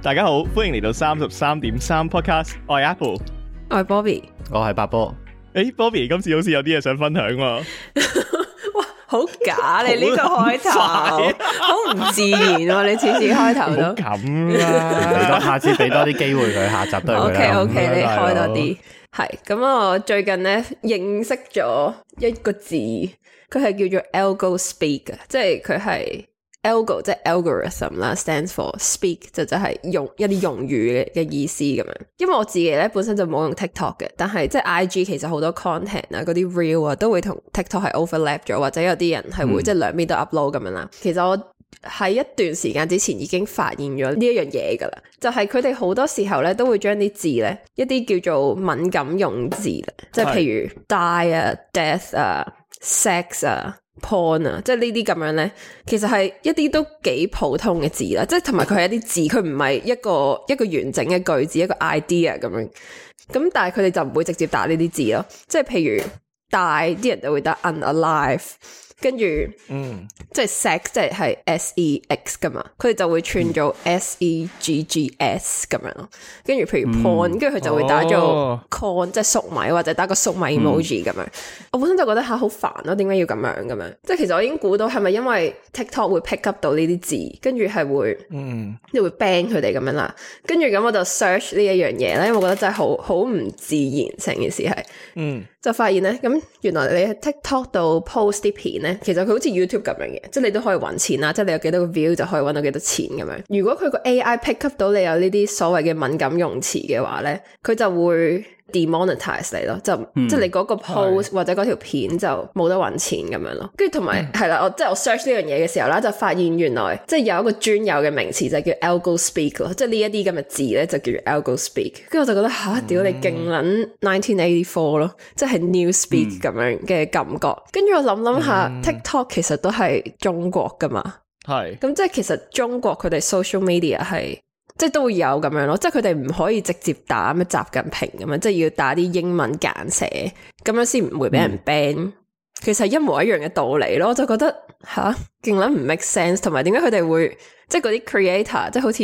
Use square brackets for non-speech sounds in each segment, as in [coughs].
大家好，歡迎嚟到三十三點三 podcast 我 le, 我。我係 Apple，我係 Bobby，我係八波。誒、欸、，Bobby，今次好似有啲嘢想分享喎、啊。 [laughs] 哇，好假 [laughs] 你呢個開頭，好唔 [laughs] 自然喎、啊！你次次開頭都咁、啊、 [laughs] 下次俾多啲機會佢，下集對佢 O K，O K，你開多啲。係咁， [laughs] 我最近咧認識咗一個字，佢係叫做 Algospeak，即係佢係。algo 即係 algorithm 啦，stands for speak 就就係用一啲用語嘅嘅意思咁樣。因為我自己咧本身就冇用 TikTok 嘅，但係即係 IG 其實好多 content 啊，嗰啲 reel 啊都會同 TikTok 係 overlap 咗，或者有啲人係會、嗯、即係兩邊都 upload 咁樣啦。其實我喺一段時間之前已經發現咗呢一樣嘢噶啦，就係佢哋好多時候咧都會將啲字咧一啲叫做敏感用字，即係譬如是 die 啊、death 啊、sex 啊。porn 啊，orn, 即係呢啲咁樣咧，其實係一啲都幾普通嘅字啦，即係同埋佢係一啲字，佢唔係一個一個完整嘅句子，一個 idea 咁樣，咁但係佢哋就唔會直接打呢啲字咯，即係譬如 die 啲人就會打 unalive。跟住，嗯，即係 sex 即係係 s e x 噶嘛，佢哋就會串做 s, s e g g s 咁樣咯。跟住譬如 porn，跟住佢就會打咗 corn，哦、即係粟米或者打個粟米 emoji 咁，嗯、樣。我本身就覺得吓好煩咯、啊，點解要咁樣咁樣？即係其實我已經估到係咪因為 TikTok 會 pick up 到呢啲字，跟住係會，嗯，即會 ban 佢哋咁樣啦。跟住咁我就 search 呢一樣嘢咧，因為我覺得真係好好唔自然成件事係，嗯，就發現咧，咁原來你喺 TikTok 度 post 啲片咧。其實佢好似 YouTube 咁樣嘅，即你都可以揾錢啦，即你有幾多個 view 就可以揾到幾多錢咁樣。如果佢個 AI pick up 到你有呢啲所謂嘅敏感用詞嘅話呢，佢就會 demonetize、嗯、你咯，就即係你嗰個 post、e、是或者嗰條片就冇得搵錢咁樣咯。跟住同埋係啦，我即係我 search 呢樣嘢嘅時候啦，就發現原來即係、就是、有一個專有嘅名詞就係叫 algo speak 咯，即係呢一啲咁嘅字咧就叫 algo speak。跟住我就覺得吓，屌、啊嗯、你勁捻1984咯，即係 new speak 咁、嗯、樣嘅感覺。跟住我諗諗下、嗯、，TikTok 其實都係中國噶嘛，係是。咁即係其實中國佢哋 social media 係。即都會有咁樣咯，即係佢哋唔可以直接打咩習近平咁樣，即係要打啲英文簡寫，咁樣先唔會俾人 ban。嗯其實一模一樣嘅道理咯，我就覺得吓勁撚唔 make sense，同埋點解佢哋會即係嗰啲 creator，即係好似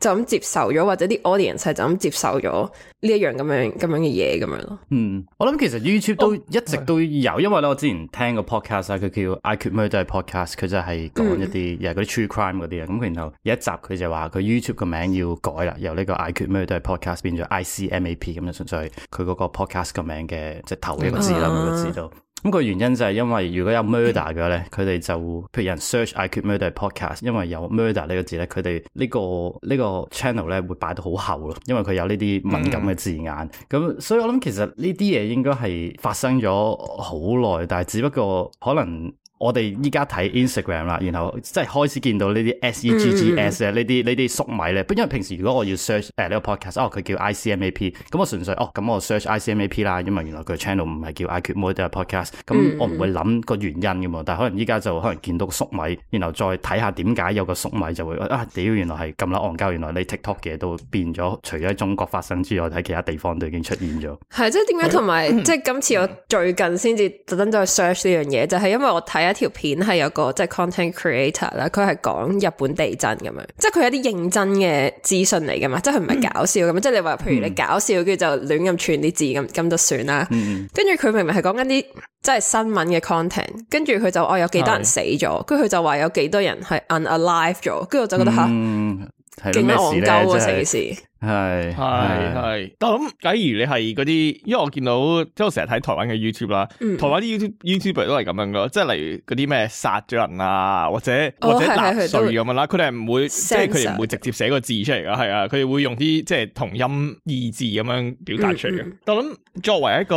就咁接受咗，或者啲 audience 係就咁接受咗呢一樣咁樣咁樣嘅嘢咁樣咯。嗯，我諗其實 YouTube 都一直都有，哦、因為咧我之前聽個 Pod podcast，佢叫 I Could Murder a Podcast，佢就係講一啲又係嗰啲 true crime 嗰啲啊。咁然後有一集佢就話佢 YouTube 個名要改啦，由呢個 I Could Murder a Podcast 變咗 ICMAP，咁就純粹佢嗰個 podcast 個名嘅即係頭一個字啦，每個字都。咁個原因就係因為如果有 murder 嘅咧，佢哋就譬如人 search I can murder podcast，因為有 murder 呢個字咧，佢哋、這個這個、呢個呢個 channel 咧會擺到好厚咯，因為佢有呢啲敏感嘅字眼。咁、嗯、所以我諗其實呢啲嘢應該係發生咗好耐，但係只不過可能。我哋依家睇 Instagram 啦，然後即係開始見到呢啲 S E G G S 嘅呢啲呢啲粟米咧。因為平時如果我要 search 誒呢個 podcast，哦佢叫 I C M A P，咁我純粹哦咁我 search I C M A P 啦，因為原來佢 channel 唔係叫 I Quit Mode 都係 podcast，咁我唔會諗個原因噶嘛。但係可能依家就可能見到個粟米，然後再睇下點解有個粟米就會啊屌，原來係撳甩戇鳩，原來你 TikTok 嘅嘢都變咗，除咗喺中國發生之外，喺其他地方都已經出現咗。係 [coughs] 即係點解同埋即係今次我最近先至特登再 search 呢樣嘢，就係、是、因為我睇。一條有一條片係有個即係 content creator 啦，佢係講日本地震咁樣，即係佢有啲認真嘅資訊嚟噶嘛，即係佢唔係搞笑咁，嗯、即係你話譬如你搞笑跟住、嗯、就亂咁串啲字咁，咁都算啦。跟住佢明明係講緊啲即係新聞嘅 content，跟住佢就哦有幾多人死咗，跟住佢就話有幾多人係 unalive 咗，跟住我就覺得吓，勁戇鳩啊死、啊啊、事！嗯係係係，我諗假如你係嗰啲，因為我見到即係我成日睇台灣嘅 YouTube 啦，台灣啲 YouTube YouTuber 都係咁樣噶，即係例如嗰啲咩殺咗人啊，或者或者打碎咁樣啦，佢哋係唔會即係佢哋唔會直接寫個字出嚟噶，係啊，佢哋會用啲即係同音異字咁樣表達出嚟嘅。但諗作為一個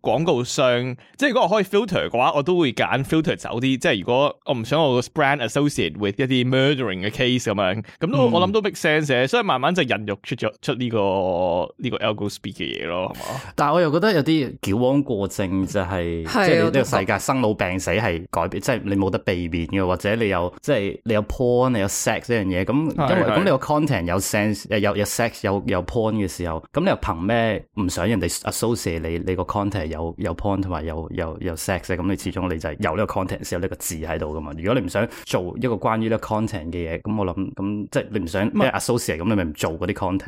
廣告商，即係如果我可以 filter 嘅話，我都會揀 filter 走啲，即係如果我唔想我個 brand associate with 一啲 murdering 嘅 case 咁樣，咁都我諗都 make sense 嘅，所以慢慢就人肉出咗。出呢、這個呢、這個 algo speak 嘅嘢咯，係嘛？但係我又覺得有啲矯枉過正，就是，就係 [laughs] 即係呢個世界 [laughs] 生老病死係改變，即係你冇得避免嘅，或者你有即係你有 porn、你有 sex 呢樣嘢。咁因為咁你個 content 有 sense、有 sex，有，有，有 sex、有有 porn 嘅時候，咁你又憑咩唔想人哋 associate 你你個 content 有有 porn 同埋有有有 sex 咁你始終你就係有呢個 content 先有呢個字喺度噶嘛？如果你唔想做一個關於呢個 content 嘅嘢，咁我諗咁即係你唔想咩 associate，咁你咪唔做嗰啲 content。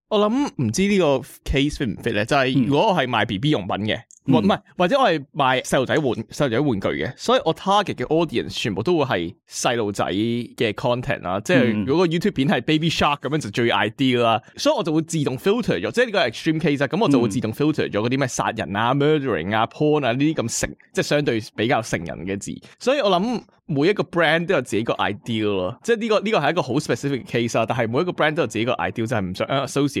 我諗唔知呢個 case fit 唔 fit 咧，就係如果我係賣 BB 用品嘅，或唔係或者我係賣細路仔玩細路仔玩具嘅，所以我 target 嘅 audience 全部都會係細路仔嘅 content 啦。即係如果個 YouTube 片係 Baby Shark 咁樣就最 ideal 啦，所以我就會自動 filter 咗。即係呢個係 extreme case，咁我就會自動 filter 咗嗰啲咩殺人啊、murdering 啊、porn 啊呢啲咁成即係相對比較成人嘅字。所以我諗每一個 brand 都有自己個 ideal 咯。即係呢個呢個係一個好 specific case 啊。但係每一個 brand 都有自己個 ideal，就係唔想 associate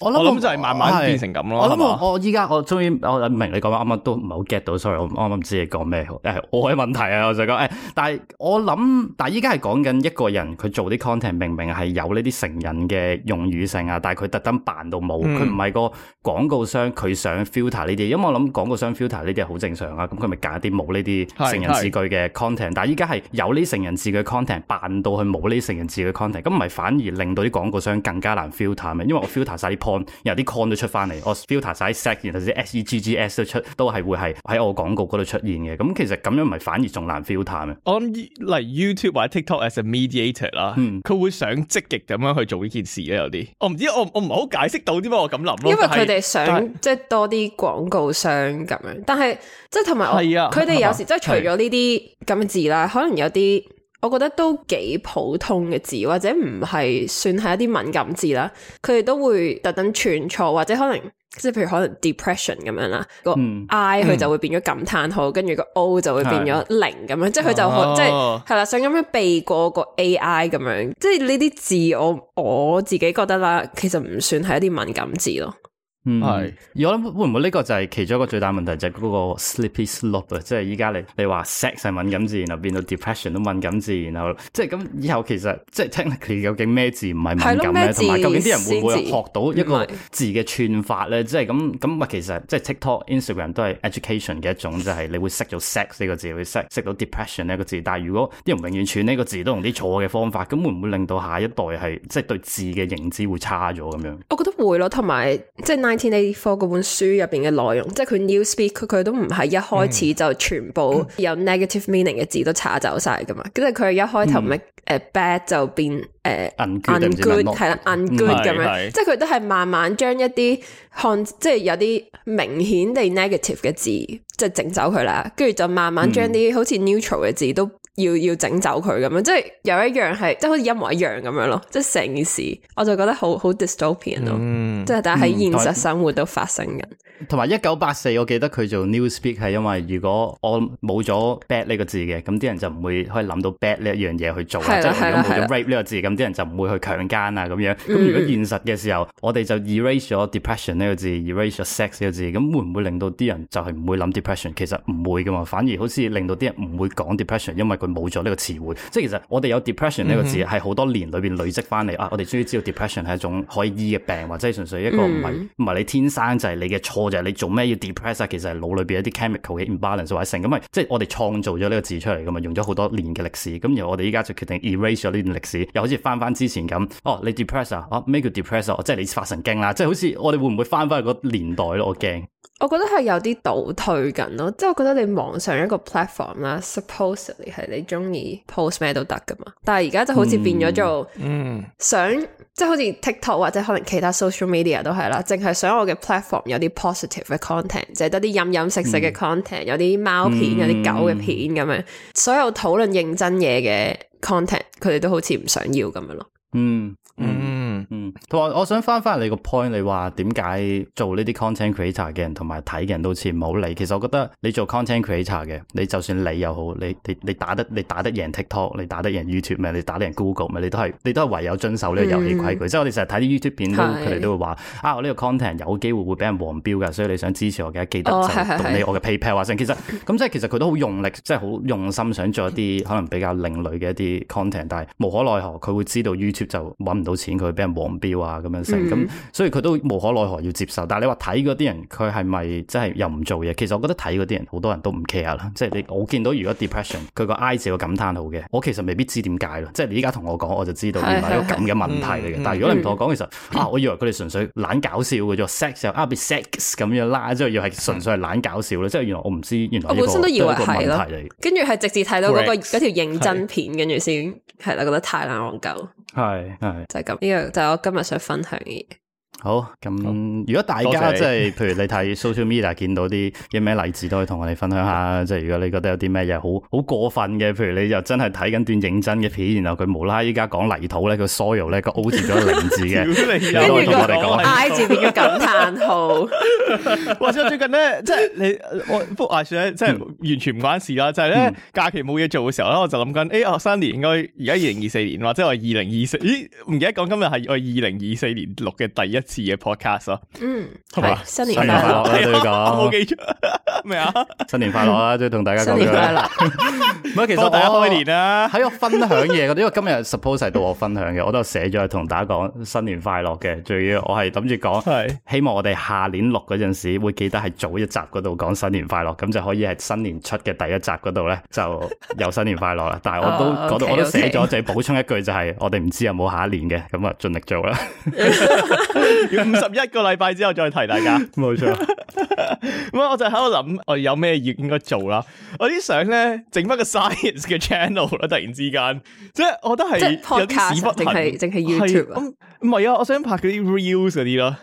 我諗咁就係慢慢變成咁咯，我諗，我依家我終於我明你講，啱啱都唔係好 get 到，sorry，我啱啱唔知你講咩，係我嘅問題啊！我就講，誒，但係我諗，但係依家係講緊一個人佢做啲 content，明明係有呢啲成人嘅用語性啊，但係佢特登扮到冇。佢唔係個廣告商佢想 filter 呢啲，因為我諗廣告商 filter 呢啲好正常啊，咁佢咪揀啲冇呢啲成人字句嘅 content，但係依家係有呢成人字句嘅 content，扮到佢冇呢成人字句嘅 content，咁唔係反而令到啲廣告商更加難 filter 咩？因為我 filter 晒喺 point，然後啲 con 都出翻嚟，我 filter 曬 sex，然後啲 SEGGS 都出，都係會係喺我廣告嗰度出現嘅。咁其實咁樣唔係反而仲難 filter 咩？我諗例如 YouTube 或者 TikTok as a mediator 啦，嗯，佢會想積極咁樣去做呢件事咧、啊。有啲我唔知，我我唔係好解釋到點解我咁諗咯。因為佢哋想即係是多啲廣告商咁樣，但係即係同埋啊，佢哋有時吧即係除咗呢啲咁嘅字啦，是可能有啲。我覺得都幾普通嘅字，或者唔係算係一啲敏感字啦。佢哋都會特登串錯，或者可能即係譬如可能 depression 咁樣啦，嗯、個 I 佢就會變咗感嘆號，跟住、嗯、個 O 就會變咗零咁樣，即係佢就、哦、即係係啦，想咁樣避過個 AI 咁樣，即係呢啲字我我自己覺得啦，其實唔算係一啲敏感字咯。嗯，係是，而我諗會唔會呢個就係其中一個最大問題，就係、是、嗰個 slippery slope 啊，即係依家你你話 sex 係敏感字，然後變到 depression 都敏感字，然後即係咁以後其實即係 technically 究竟咩字唔係敏感咧，同埋究竟啲人會唔會學到一個字嘅串法咧是、嗯？即係咁咁，啊其實即係 TikTok、Instagram 都係 education 嘅一種，就係、是、你會識咗 sex 呢個字，你會識識到 depression 呢個字。但係如果啲人永遠串呢個字都用啲錯嘅方法，咁會唔會令到下一代係即係對字嘅認知會差咗咁樣？我覺得會咯，同埋即係。Nineteen Eighty-Four》嗰本書入邊嘅內容，即係佢 new speak，佢佢都唔係一開始就全部有 negative meaning 嘅字都查走晒噶嘛。跟住佢一開頭咪誒 bad、嗯、就變誒、uh, ungood，係啦，ungood 咁樣對。即係佢都係慢慢將一啲看，即係有啲明顯地 negative 嘅字，即係整走佢啦。跟住就慢慢將啲好似 neutral 嘅字、嗯、都。要要整走佢咁樣，即係有一樣係即係好似一模一樣咁樣咯，即係成件事，我就覺得好好 dystopian 咯，dy ian, 嗯、即係但係喺現實生活都發生嘅。同埋一九八四，我記得佢做 new speak 係因為如果我冇咗 bad 呢個字嘅，咁啲人就唔會可以諗到 bad 呢一樣嘢去做的即係如果 rape 呢個字，咁啲人就唔會去強姦啊咁樣，咁如果現實嘅時候，嗯、我哋就 erase 咗 depression 呢個字，erase 咗 sex 呢個字，咁、嗯、會唔會令到啲人就係唔會諗 depression？其實唔會噶嘛，反而好似令到啲人唔會講 depression，因為。冇咗呢個詞彙，即係其實我哋有 depression 呢個字係好、mm hmm. 多年裏邊累積翻嚟啊！我哋終於知道 depression 係一種可以醫嘅病，或者係純粹一個唔係唔係你天生就係、是、你嘅錯，就係、是、你做咩要 depress 啊？其實係腦裏邊一啲 chemical 嘅 imbalance 或者成咁，係即係我哋創造咗呢個字出嚟噶嘛，用咗好多年嘅歷史。咁而我哋依家就決定 erase 咗呢段歷史，又好似翻翻之前咁。哦、啊，你 depress 啊哦，咩叫 depress 啊？即係你發神經啦！即係好似我哋會唔會翻返去個年代囉，我驚？我覺得係有啲倒退緊咯，即係我覺得你網上一個 platform 啦，supposedly 係你中意 post 咩都得噶嘛，但係而家就好似變咗做，嗯、mm，hmm. 想即係好似 TikTok 或者可能其他 social media 都係啦，淨係想我嘅 platform 有啲 positive 嘅 content，就係得啲飲飲食食嘅 content，有啲貓片，有啲狗嘅片咁、mm hmm. 樣，所有討論認真嘢嘅 content，佢哋都好似唔想要咁樣咯，hmm. 嗯，嗯。嗯，同埋我想翻翻你個 point，你話點解做呢啲 content creator 嘅人同埋睇嘅人都好似唔好理？其實我覺得你做 content creator 嘅，你就算理又好，你你你打得你打得贏 TikTok，ok，你打得贏 YouTube，咪你打得贏，贏 Google，你都係你都係唯有遵守呢個遊戲規矩。嗯、即係我哋成日睇啲 YouTube 片，佢哋是都會話啊，我呢個 content 有機會會俾人黃標嘅，所以你想支持我嘅，記得就同你我嘅 PayPal 話聲。其實咁即係其實佢都好用力， [laughs] 即係好用心想做一啲可能比較另類嘅一啲 content，但係無可奈何，佢會知道 YouTube 就揾唔到錢，佢俾人黃標啊，咁樣成咁、嗯，所以佢都無可奈何要接受。但係你話睇嗰啲人，佢係咪真係又唔做嘢？其實我覺得睇嗰啲人，好多人都唔 care 啦。即係你我見到，如果 depression，佢個 I 字個感嘆號嘅，我其實未必知點解咯。即係你依家同我講，我就知道原來係一個咁嘅問題嚟嘅。是是是是但係如果你唔同我講，其實啊，我以為佢哋純粹懶搞笑嘅啫，sex 就啊變 sex 咁樣啦，之後要係純粹係懶搞笑咧、就是啊。即係原來我唔知，原來我本身都以為係咯。跟住係直接睇到嗰、那個嗰條的、那個那個、認真片，跟住先係啦，覺得太難講夠。係係的就係咁呢個。就係我今日想分享嘅嘢。好咁，如果大家謝謝即係，譬如你睇 social media 見到啲一啲咩例子，都可以同我哋分享下。即係如果你覺得有啲咩嘢好好過分嘅，譬如你又真係睇緊段認真嘅片，然後佢無啦，依家講泥土咧，個 soil 咧，個 O 字咗零字嘅，有冇同我哋講？I 字變咗感嘆號。或者我最近咧，即係你我福 o o 咧，即係完全唔關事啦。就係咧，假期冇嘢做嘅時候咧，我就諗緊，誒、欸，三、啊、年應該而家二零二四年，或者我二零二四，咦？唔記得講今日係我二零二四年錄嘅第一。次嘅 podcast 咯，嗯，係新年快樂啦！都要講，咩啊？新年快樂啦，即係同大家新年快樂。乜其實大家開年啦，喺我分享嘢嗰啲，因為今日 suppose 係到我分享嘅，我都寫咗同大家講新年快樂嘅，仲要我係諗住講，希望我哋下年錄嗰陣時會記得係早一集嗰度講新年快樂，咁就可以喺新年出嘅第一集嗰度咧就有新年快樂啦。但係我都講，我都寫咗，就要補充一句就係，我哋唔知有冇下一年嘅，咁啊盡力做啦。要五十一個禮拜之後再提大家，冇錯 [laughs] 錯。咁啊，我就喺度諗，我有咩要應該做啦。我啲相咧，整返個 science 嘅 channel 啦，突然之間，即係我覺得係有啲屎不騰，定係淨係 YouTube。唔係啊，我想拍嗰啲 reels 嗰啲啦。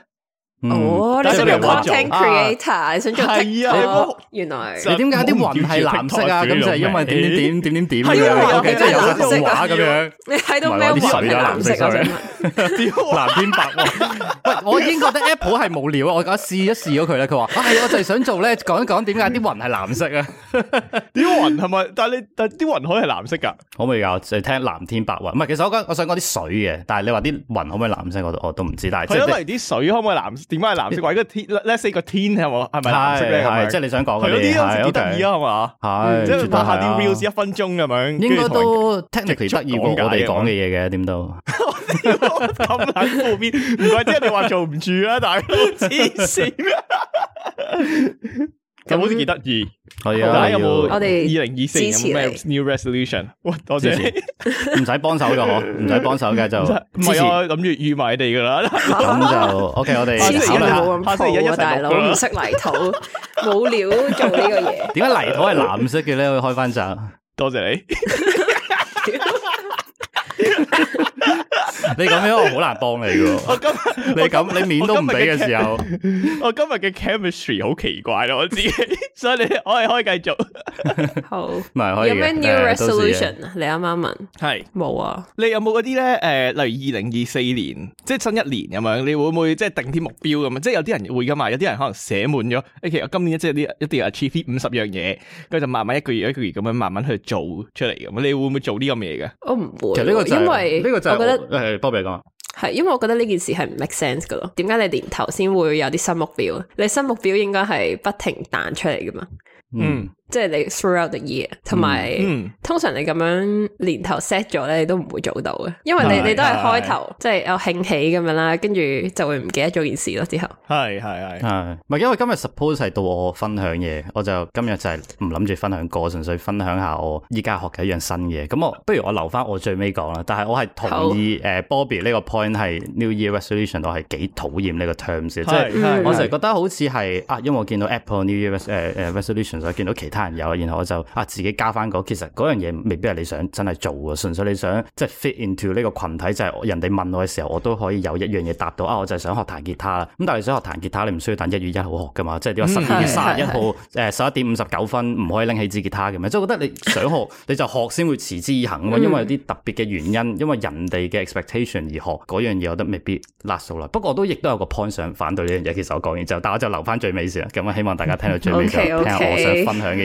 哦，你想做 content creator，你想做直播，原來。你點解啲雲係藍色啊？咁就係因為點點點點點點。係因為有即係有啲畫咁樣。你睇到咩？水啊，藍色啊，咩？藍天白雲。喂，我已經覺得 Apple 係無聊啊！我而家試一試咗佢咧，佢話，啊，係我就係想做咧，講一講點解啲雲係藍色啊？啲雲係咪？但係你但係啲雲海係藍色噶？可唔可以教？就聽藍天白雲。唔係，其實我講我想講啲水嘅，但係你話啲雲可唔可以藍色？我度我都唔知。但係因為啲水可唔可以藍？點解係藍色嘅？因為天，let’s say 個天係咪？係咪藍色咧？咁啊，即係你想講嘅嘢幾得意啊，即係拍下啲 reels 一分鐘咁樣，應該都聽住佢得意我哋講嘅嘢嘅，點都咁喺後邊，唔係即係你話做唔住啦，但係黐線啊！咁好似幾得意。大家有冇我哋二零二四有冇咩 New Resolution？哇，多謝，唔使幫手㗎嗬，唔使幫手㗎就唔係我諗住粵語埋地嘅啦。咁就 OK，我哋支持你冇咁破啊，大佬唔識泥土，冇料做呢個嘢。點解泥土係藍色嘅咧？我開翻就多謝你。你咁樣我好難幫你嘅。我今日你咁你面都唔俾？嘅時候。我今日嘅 chemistry 好奇怪咯，我知。所以你我係可以繼續。好。唔係可以。有咩 new resolution 你啱啱問？係。冇啊。你有冇嗰啲咧？誒，例如二零二四年，即係新一年咁樣，你會唔會即係定啲目標咁啊？即係有啲人會噶嘛，有啲人可能寫滿咗。其實今年即係一定要 achieve 五十樣嘢，跟住就慢慢一個月一個月咁樣慢慢去做出嚟，咁你會唔會做呢樣嘢嘅？我唔會。就呢個，因為呢個就覺得波比講係，因為我覺得呢件事係唔 make sense 噶咯。點解你年頭先會有啲新目標啊？你新目標應該係不停彈出嚟噶嘛？嗯。即係你 throughout the year，同埋通常你咁樣年頭 set 咗咧，你都唔會做到嘅，因為你 [laughs] 對對對你都係開頭即係有興起咁樣啦，跟住就會唔記得做件事咯。之後係係係，唔係 [noise] [noise] [noise] 因為今日 suppose 係到我分享嘢，我就今日就係唔諗住分享個，純粹分享下我依家學嘅一樣新嘢。咁我不如我留翻我最尾講啦。但係我係同意誒，Bobby 呢個 point 係 New Year Resolution，我係幾討厭呢個 terms，即係我成日覺得好似係啊，因為我見到 Apple New Year 誒 Res 誒、呃呃呃、Resolution，所以見到其他他人有，然後我就啊自己加翻個。其實嗰樣嘢未必係你想真係做嘅，純粹你想即係、就是、fit into 呢個群體，就係、是、人哋問我嘅時候，我都可以有一樣嘢答到啊。我就係想學彈吉他啦。咁但係你想學彈吉他，你唔需要等一月一號學㗎嘛？即係點啊？十二月卅一號誒，十一點五十九分，唔可以拎起支吉他嘅咩？即係我覺得你想學，你就學先會持之以恒啊嘛。因為有啲特別嘅原因，嗯、因為人哋嘅 expectation 而學嗰樣嘢，我覺得未必納數啦。不過我都亦都有個 point 想反對呢樣嘢。其實我講完之後，但我就留翻最尾先啦。咁啊，希望大家聽到最尾就 [laughs] Okay, okay, 聽下我想分享嘅。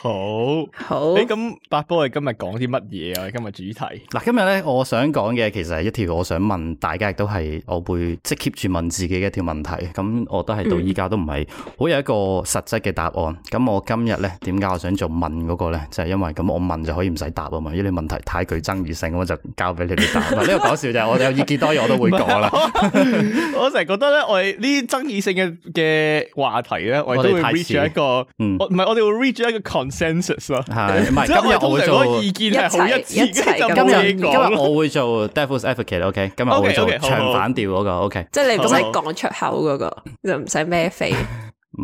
好好，誒，咁八波，你今日講啲乜嘢啊？今日主題，嗱，今日咧，我想講嘅其實係一條，我想問大家，亦都係我會即係 keep 住問自己嘅一條問題。咁，我都係到依家都唔係好有一個實質嘅答案。咁，我今日咧，點解我想做問嗰個咧？就係因為咁，我問就可以唔使答啊嘛。因為啲問題太具爭議性，我就交俾你哋答。呢個搞笑就係我哋有意見多嘢，我都會講啦。我成日覺得咧，我哋呢爭議性嘅嘅話題咧，我哋都會 reach 住一個，我唔係我哋會 reach 住一個 con。s e n、嗯、s サ是 s 咯，係唔係今日我會做意見一齊一齊。一樣今日今日我會做 Devil's Advocate o、okay? k 今日我會做唱反調嗰個，OK？即係你唔使講出口嗰個，就唔使孭飛。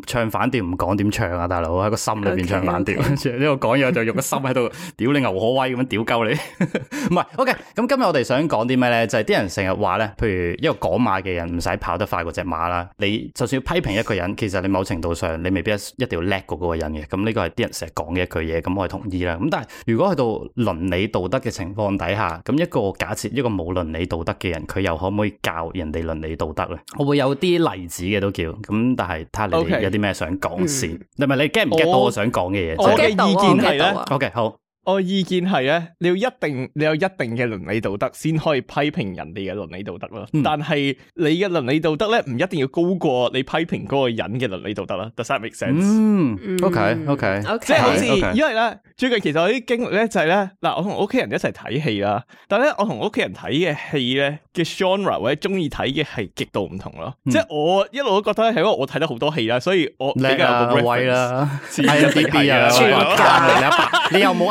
唱反調唔講點唱啊，大佬喺個心裏邊唱反調，呢 Okay, okay. 個講嘢就用個心喺度屌你牛可威咁樣屌鳩你。唔 [laughs] 係，OK，咁今日我哋想講啲咩咧？就係、是、啲人成日話咧，譬如一個講馬嘅人唔使跑得快過隻馬啦。你就算要批評一個人，其實你某程度上你未必一定要叻過嗰個人嘅。咁呢個係啲人成日講嘅一句嘢，咁我係同意啦。咁但係如果去到倫理道德嘅情況底下，咁一個假設一個冇倫理道德嘅人，佢又可唔可以教人哋倫理道德咧？我會有啲例子嘅都叫咁，但係睇下你。Okay。有啲咩想講先？嗯、你咪你 get 唔 get 到我想講嘅嘢？我嘅是意見係咧。OK，好。我意見係咧，你要一定你有一定嘅倫理道德先可以批評人哋嘅倫理道德咯。但係你嘅倫理道德咧，唔一定要高過你批評嗰個人嘅倫理道德啦。Does that make sense？OK OK OK 即係好似，因為咧最近其實我啲經歷咧就係咧，嗱我同屋企人一齊睇戲啦，但係咧我同屋企人睇嘅戲咧嘅 genre 或者中意睇嘅係極度唔同咯。即係我一路都覺得咧，係因為我睇得好多戲啦，所以我比較有個威啦，係啊，啲你又冇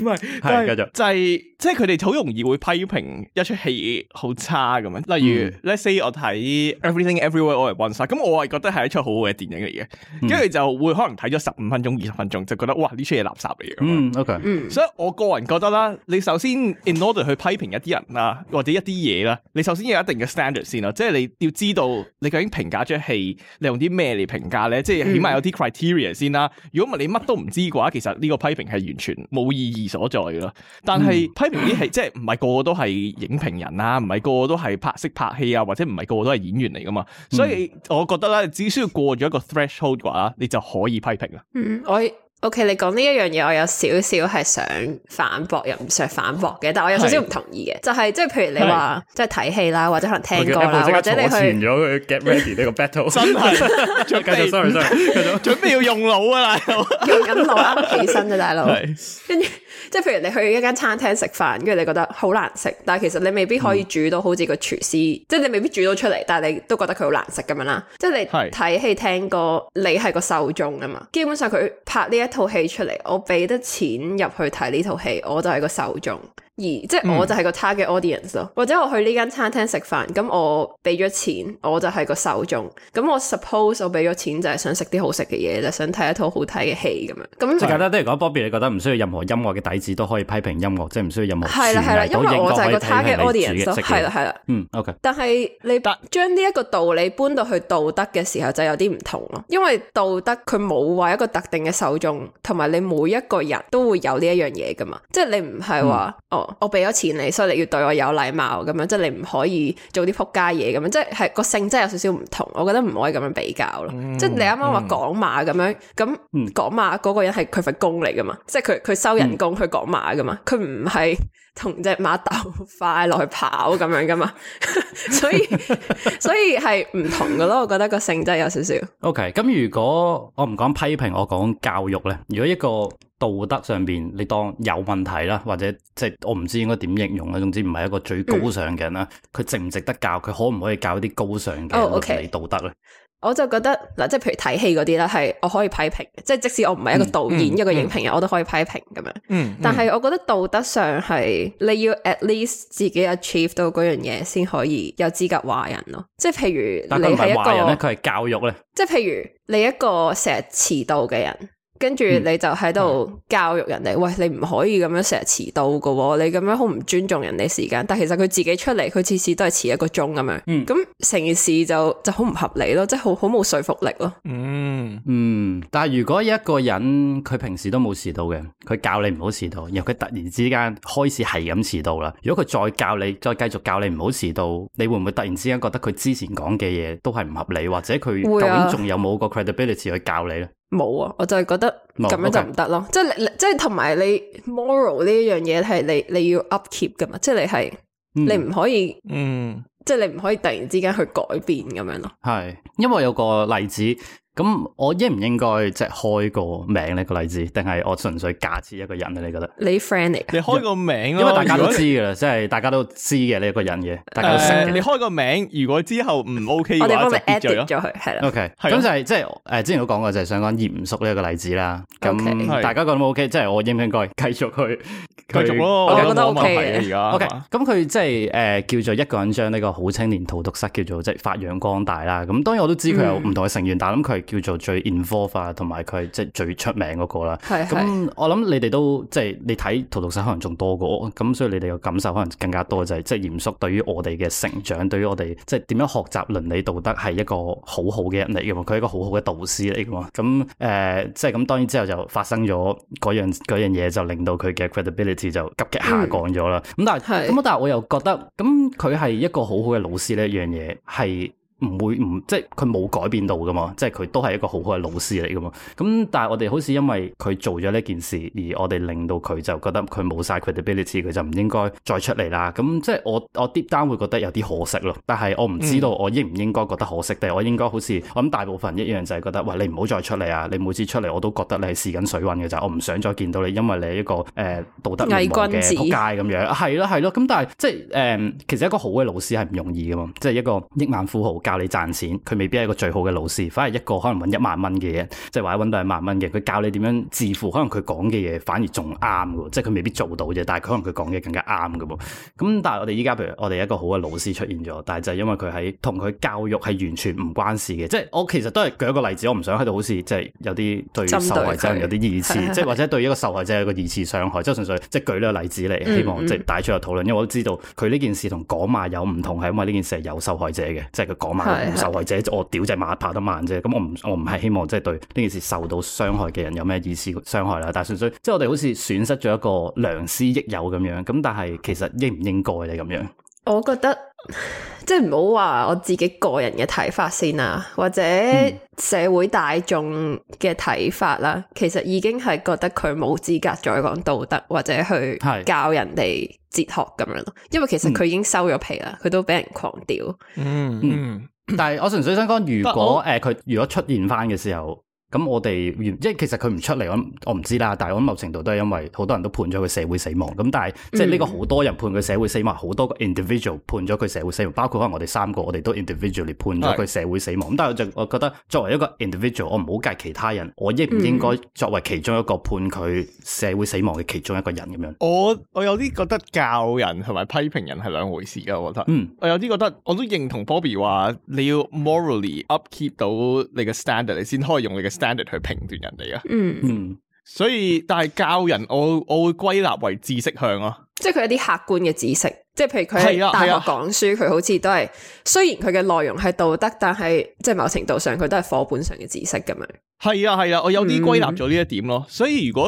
唔係，係繼續就係即係佢哋好容易會批評一出戲好差咁啊。嗯、例如 [noise] ，let's say 我睇 Everything Everywhere All At Once 咁，我係覺得係一出好好嘅電影嚟嘅。跟住就會可能睇咗十五分鐘、二十分鐘就覺得哇呢出嘢垃圾嚟嘅。嗯、o、okay, k [noise] 所以我個人覺得啦，你首先 in order 去批評一啲人啊，或者一啲嘢啦，你首先要有一定嘅 standard 先啦，即、就、係、是、你要知道你究竟評價咗戲，你用啲咩嚟評價咧？即係起碼有啲 criteria 先啦。如果唔係你乜都唔知嘅話，其實呢個批評係完全冇。意義所在咯，但係批評呢係即係唔係個都、啊、 [laughs] 個個都係影評人啦，唔係個個都係拍識拍戲啊，或者唔係個個都係演員嚟噶嘛，嗯、所以我覺得咧，只需要過咗一個 threshold 嘅話，你就可以批評啦。嗯，我。OK，你講呢一樣嘢，我有少少係想反駁，又唔想反駁嘅。但係我有少少唔同意嘅，是就係即係譬如你話是即係睇戲啦，或者可能聽歌啦，或者你去，咗，get ready 呢個 battle，sorry sorry, sorry。呢 [laughs] 準備要用腦啊，大佬，用緊腦啊，起身嘅大佬。跟住是即係譬如你去一間餐廳食飯，跟住你覺得好難食，但係其實你未必可以煮到好似個廚師，嗯、即係你未必煮到出嚟，但係你都覺得佢好難食咁樣啦。即、就、係、是、你睇戲是聽歌，你係個受眾吖嘛？基本上佢拍呢一。套戲出嚟，我俾得錢入去睇呢套戲，我都係個受眾。而即係我就係個 target audience 咯、嗯，或者我去呢間餐廳食飯，咁我俾咗錢，我就係個受眾。咁我 suppose 我俾咗錢就係想食啲好食嘅嘢，就係，想睇一套好睇嘅戲咁樣。咁簡單啲嚟講，Bobby，你覺得唔需要任何音樂嘅底子都可以批評音樂，即係唔需要音樂，係啦係啦，因為我就係個 target audience 咯，係啦係啦，嗯，OK。但係你將呢一個道理搬到去道德嘅時候，就有啲唔同咯。因為道德佢冇話一個特定嘅受眾，同埋你每一個人都會有呢一樣嘢噶嘛，即係你唔係話哦。嗯我俾咗錢你，所以你要對我有禮貌咁樣，即係你唔可以做啲撲街嘢咁樣，即係係個性真係有少少唔同，我覺得唔可以咁樣比較咯。嗯、即係你啱啱話講馬咁樣，咁講、嗯、馬嗰個人係佢份工嚟噶嘛，嗯、即係佢佢收人工去講馬噶嘛，佢唔係同隻馬鬥快落去跑咁樣噶嘛， [laughs] [laughs] 所以所以係唔同噶咯。我覺得個性真係有少少。O K，咁如果我唔講批評，我講教育咧，如果一個。道德上邊，你當有問題啦，或者即係我唔知應該點形容啦。總之唔係一個最高尚嘅人啦，佢、嗯、值唔值得教？佢可唔可以教啲高尚嘅、oh, okay. 道德咧？我就覺得嗱，即係譬如睇戲嗰啲啦，係我可以批評嘅。即係即使我唔係一個導演，嗯、一個影評人，嗯嗯、我都可以批評咁樣。嗯，但係我覺得道德上係你要 at least 自己 achieve 到嗰樣嘢，先可以有資格話人咯。即係譬如你一個人，佢係教育咧。即係譬如你一個成日遲到嘅人。跟住你就喺度教育人哋，嗯、喂，你唔可以咁樣成日遲到噶，你咁樣好唔尊重人哋時間。但其實佢自己出嚟，佢次次都係遲一個鐘咁樣。嗯，咁成件事就就好唔合理咯，即係好好冇說服力咯。嗯嗯，但係如果一個人佢平時都冇遲到嘅，佢教你唔好遲到，然後佢突然之間開始係咁遲到啦，如果佢再教你，再繼續教你唔好遲到，你會唔會突然之間覺得佢之前講嘅嘢都係唔合理，或者佢究竟仲有冇個 credibility 去教你咧？冇啊，我就係覺得咁樣就唔得咯，Okay. 即係你，你，即係同埋你 moral 呢一樣嘢係你你要 upkeep 噶嘛，即係你係、嗯、你唔可以，嗯，即係你唔可以突然之間去改變咁樣咯。係，因為有個例子。咁我應唔應該即係開個名呢個例子，定係我純粹假設一個人咧、啊？你覺得？你 friend 嚟噶？你開個名，因為大家都知噶啦，果即係大家都知嘅呢一個人嘅，大家都、呃、你開個名，如果之後唔 OK 嘅話， [laughs] 我你就 delete 咗佢係啦。OK，咁的就係即係誒，之前都講過，就係想講嚴肅呢一個例子啦。咁大家覺得有有 OK？即係我應唔應該繼續去繼續去 Okay. 我覺得啊 OK 啊、嗯，而家 OK、就是。咁佢即係誒，叫做一個人將呢個好青年荼毒室叫做即係發揚光大啦。咁當然我都知佢有唔同嘅成員，嗯、但係咁佢。叫做最 i n f o r 化，同埋佢係即係最出名嗰、那個啦。咁是我諗你哋都即係、就是、你睇《圖圖生可能仲多過咁，所以你哋嘅感受可能更加多就係即係嚴肅。就是、對於我哋嘅成長，對於我哋即係點樣學習倫理道德係一個好好嘅人嚟嘅嘛？佢係一個好好嘅導師嚟噶嘛？咁誒，即係咁，就是、當然之後就發生咗嗰樣嗰樣嘢，就令到佢嘅 credibility 就急劇下降咗啦。咁、嗯、但係咁，是但係我又覺得，咁佢係一個好好嘅老師呢一樣嘢係。唔會唔，即係佢冇改變到噶嘛，即係佢都係一個好好嘅老師嚟噶嘛。咁但係我哋好似因為佢做咗呢件事，而我哋令到佢就覺得佢冇晒佢嘅 credibility，佢就唔應該再出嚟啦。咁即係我我 deep down 會覺得有啲可惜咯。但係我唔知道我應唔應該覺得可惜定，嗯、我應該好似我諗大部分一樣就係覺得喂，你唔好再出嚟啊！你每次出嚟我都覺得你係試緊水運嘅咋，我唔想再見到你，因為你係一個誒、呃、道德唔好嘅仆街咁樣。係咯係咯。咁但係即係誒、呃，其實一個好嘅老師係唔容易噶嘛，即係一個億萬富豪。教你賺錢，佢未必係一個最好嘅老師，反而一個可能搵一萬蚊嘅嘢，即係或者搵到一萬蚊嘅，佢教你點樣致富，可能佢講嘅嘢反而仲啱嘅，即係佢未必做到啫，但係佢可能佢講嘅更加啱嘅噃。咁但係我哋依家譬如我哋一個好嘅老師出現咗，但係就係因為佢喺同佢教育係完全唔關事嘅，即係我其實都係舉一個例子，我唔想喺度好似即係有啲對受害者有啲二次，即係或者對一個受害者有個二次傷害， [laughs] 純即係純粹即係舉呢個例子嚟，希望即係帶出嚟討論，因為我都知道佢呢件事同講馬有唔同，係因為呢件事係有受害者嘅，即係佢講。受害者我屌隻馬跑得慢啫，咁我唔我唔係希望即係、就是、對呢件事受到傷害嘅人有咩意思傷害啦，但係純粹即係我哋好似損失咗一個良師益友咁樣，咁但係其實應唔應該咧咁樣？我覺得。 [music] [music] [music] 即係唔好話我自己個人嘅睇法先啊，或者社會大眾嘅睇法啦，其實已經係覺得佢冇資格再講道德，或者去教人哋哲學咁樣咯。因為其實佢已經收咗皮啦，佢、嗯、都俾人狂屌。嗯嗯，嗯但係我純粹想講，如果誒佢我、呃、如果出現翻嘅時候。咁我哋即係其實佢唔出嚟，我我唔知啦。但係我某程度都係因為好多人都判咗佢社會死亡。咁但係即係呢個好多人判佢社會死亡，好多個 individual 判咗佢社會死亡，包括可能我哋三個，我哋都 individually 判咗佢社會死亡。咁是但係我就我覺得作為一個 individual，我唔好計其他人，我應唔應該作為其中一個判佢社會死亡嘅其中一個人咁樣？我我有啲覺得教人同埋批評人係兩回事㗎，我覺得。嗯，我有啲覺得我都認同 Bobby 話，你要 morally upkeep 到你嘅 standard，你先可以用你嘅。去評斷人哋啊，嗯嗯，所以但係教人我我會歸納為知識向咯、啊，即係佢一啲客觀嘅知識，即係譬如佢係大學講書，佢、啊、好似都係、啊、雖然佢嘅內容係道德，但係即係某程度上佢都係課本上嘅知識咁樣。係啊係啊，我有啲歸納咗呢一點咯，嗯、所以如果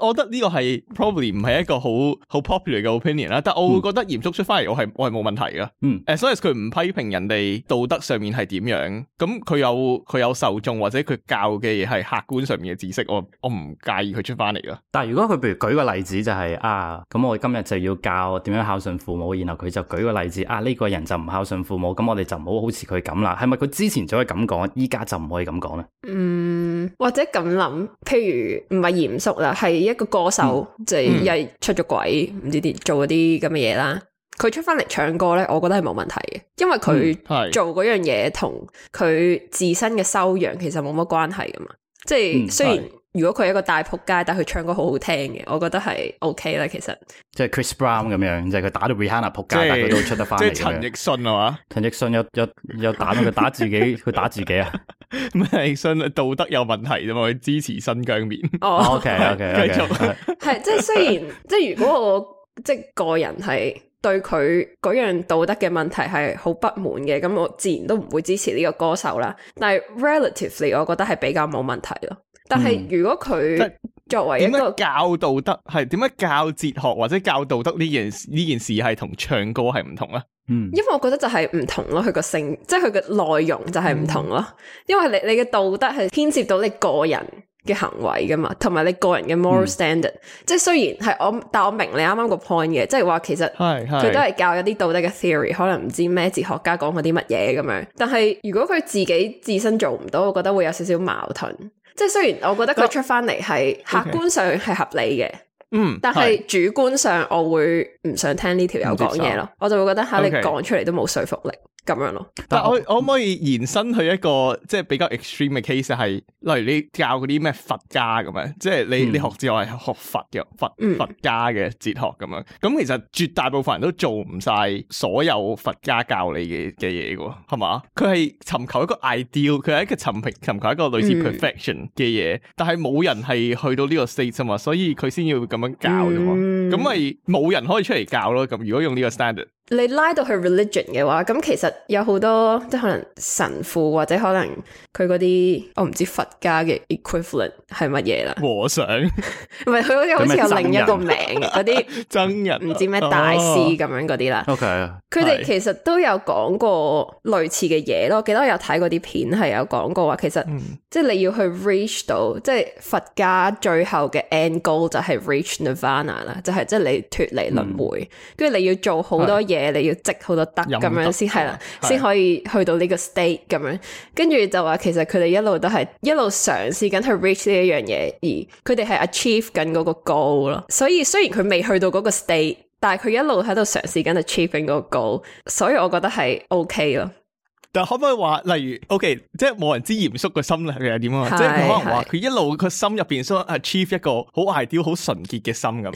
我覺得呢個係 probably 唔係一個好好 popular 嘅 opinion 啦，但我會覺得嚴肅出翻嚟我係我係冇問題噶。嗯，誒，所以佢唔批評人哋道德上面係點樣，咁佢有佢有受眾或者佢教嘅嘢係客觀上面嘅知識，我我唔介意佢出翻嚟噶。但係如果佢譬如舉個例子就係、是、啊，咁我今日就要教點樣孝順父母，然後佢就舉個例子啊呢、這個人就唔孝順父母，咁我哋就唔好好似佢咁啦，係咪佢之前就可以咁講，依家就唔可以咁講咧？嗯。或者咁諗，譬如唔係嚴肅啦，係一個歌手，即係又係出咗軌，唔、嗯、知點做嗰啲咁嘅嘢啦。佢、嗯、出翻嚟唱歌咧，我覺得係冇問題嘅，因為佢、嗯、做嗰樣嘢同佢自身嘅修養其實冇乜關係噶嘛。即係、嗯、雖然如果佢係一個大仆街，但係佢唱歌好好聽嘅，我覺得係 OK 啦。其實即係 Chris Brown 咁樣，即係佢打到 Rihanna 仆街，就是、但佢都出得翻嚟。陳奕迅啊嘛，陳奕迅有又又打到佢打自己，佢打自己啊！ [laughs] [laughs] 咪係信道德有問題啫嘛，佢支持新疆棉。哦、 [laughs] oh,，OK OK OK，係 [laughs] [laughs] 即係雖然即係如果我 [laughs] 即係個人係對佢嗰樣道德嘅問題係好不滿嘅，咁我自然都唔會支持呢個歌手啦。但係 relatively，我覺得係比較冇問題咯。但係如果佢、嗯，作為點解教道德係點解教哲學或者教道德呢件呢件事係同唱歌係唔同咧？嗯，因為我覺得就係唔同咯，佢個性即係佢嘅內容就係唔同咯，嗯、因為你你嘅道德係牽涉到你個人。嘅行為㗎嘛，同埋你個人嘅 moral standard，嗯、即係雖然係我，但我明你啱啱個 point 嘅，即係話其實佢都係教一啲道德嘅 theory，可能唔知咩哲學家講過啲乜嘢咁樣。但係如果佢自己自身做唔到，我覺得會有少少矛盾。即係雖然我覺得佢出翻嚟係客觀上係合理嘅，嗯，Oh, okay. 但係主觀上我會唔想聽呢條友講嘢咯，我就會覺得嚇你講出嚟都冇說服力。Okay. .咁樣咯，但係我我可唔可以延伸去一個即係比較 extreme 嘅 case 係，例如你教嗰啲咩佛家咁樣，即係你、嗯、你學之外學，學佛嘅佛、嗯、佛家嘅哲學咁樣，咁其實絕大部分人都做唔晒所有佛家教你嘅嘅嘢噶，係嘛？佢係尋求一個 ideal，佢係一個尋尋求一個類似 perfection 嘅嘢，嗯、但係冇人係去到呢個 state 啊嘛，所以佢先要咁樣教啫嘛，咁咪冇人可以出嚟教咯。咁如果用呢個 standard。你拉到去 religion 嘅話，咁其實有好多即係可能神父或者可能佢啲，我唔知佛家嘅 equivalent 係乜嘢啦。和尚上，唔係佢嗰個好似有另一個名嗰啲僧人，唔 [laughs] 人知咩大師咁、oh, 樣啲啦。OK，佢哋其實都有講過類似嘅嘢咯。記得我有睇過啲片係有講過話其實即係你要去 reach 到，嗯、即係佛家最後嘅 end goal 就係 reach nirvana 啦，就係即係你脫離輪回，跟住、嗯、你要做好多嘢、嗯。嘢你要積好多德咁樣先係啦，先的可以去到呢個 state 咁樣。跟住就話其實佢哋一路都係一路嘗試緊去 reach 呢一樣嘢，而佢哋係 achieve 緊嗰個 goal 咯。所以雖然佢未去到嗰個 state，但係佢一路喺度嘗試緊 achieve 嗰個 goal。所以我覺得係 OK 咯。但可唔可以話，例如 OK，即係冇人知嚴肅個心係點啊？樣的即係可能話佢一路個心入邊想 achieve 一個好 ideal，好純潔嘅心咁。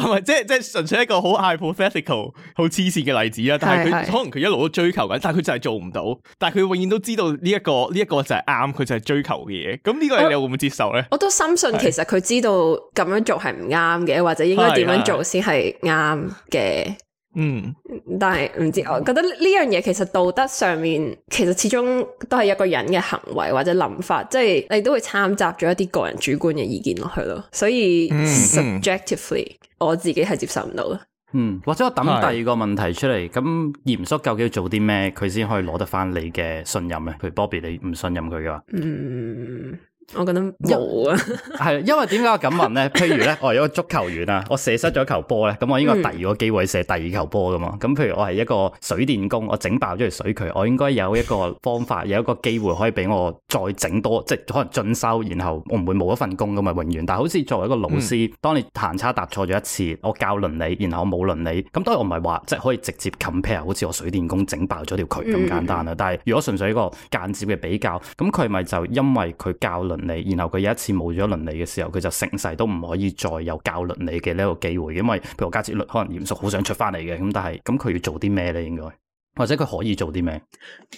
係即係即係純粹一個好 hypothetical、好黐線嘅例子啦。但係佢是是 可能佢一路都追求緊，但係佢就係做唔到，但係佢永遠都知道呢一個呢一個就係啱，佢就係追求嘅嘢。咁呢個你有會唔會接受咧？我都深信其實佢知道咁樣做係唔啱嘅，或者應該點樣做先係啱嘅。嗯，但係唔知，我覺得呢樣嘢其實道德上面，其實始終都係一個人嘅行為或者諗法，即係你都會摻雜咗一啲個人主觀嘅意見落去咯，所以 subjectively、嗯嗯、我自己係接受唔到嘅。嗯，或者我等第二個問題出嚟，咁嚴肅究竟要做啲咩，佢先可以攞得翻你嘅信任咧？譬如 Bobby，你唔信任佢嘅話，嗯。我覺得冇啊，係因為點解我咁問咧？譬如咧，我係一個足球員啊，我射失咗球波咧，咁我應該第二個機會射第二球波噶嘛？咁譬如我係一個水電工，我整爆咗條水渠，我應該有一個方法， [laughs] 有一個機會可以俾我再整多，即係可能進修，然後我唔會冇一份工噶嘛，永遠。但係好似作為一個老師，嗯、當你行差踏錯咗一次，我教倫理，然後我冇倫理，咁當然我唔係話即係可以直接 compare，好似我水電工整爆咗條渠咁簡單啦。嗯、但係如果純粹一個間接嘅比較，咁佢咪就因為佢教？倫理，然後佢有一次冇咗倫理嘅時候，佢就成世都唔可以再有教倫理嘅呢個機會，因為譬如假設輪可能嚴肅好想出翻嚟嘅，咁但係咁佢要做啲咩咧？應該？或者佢可以做啲咩？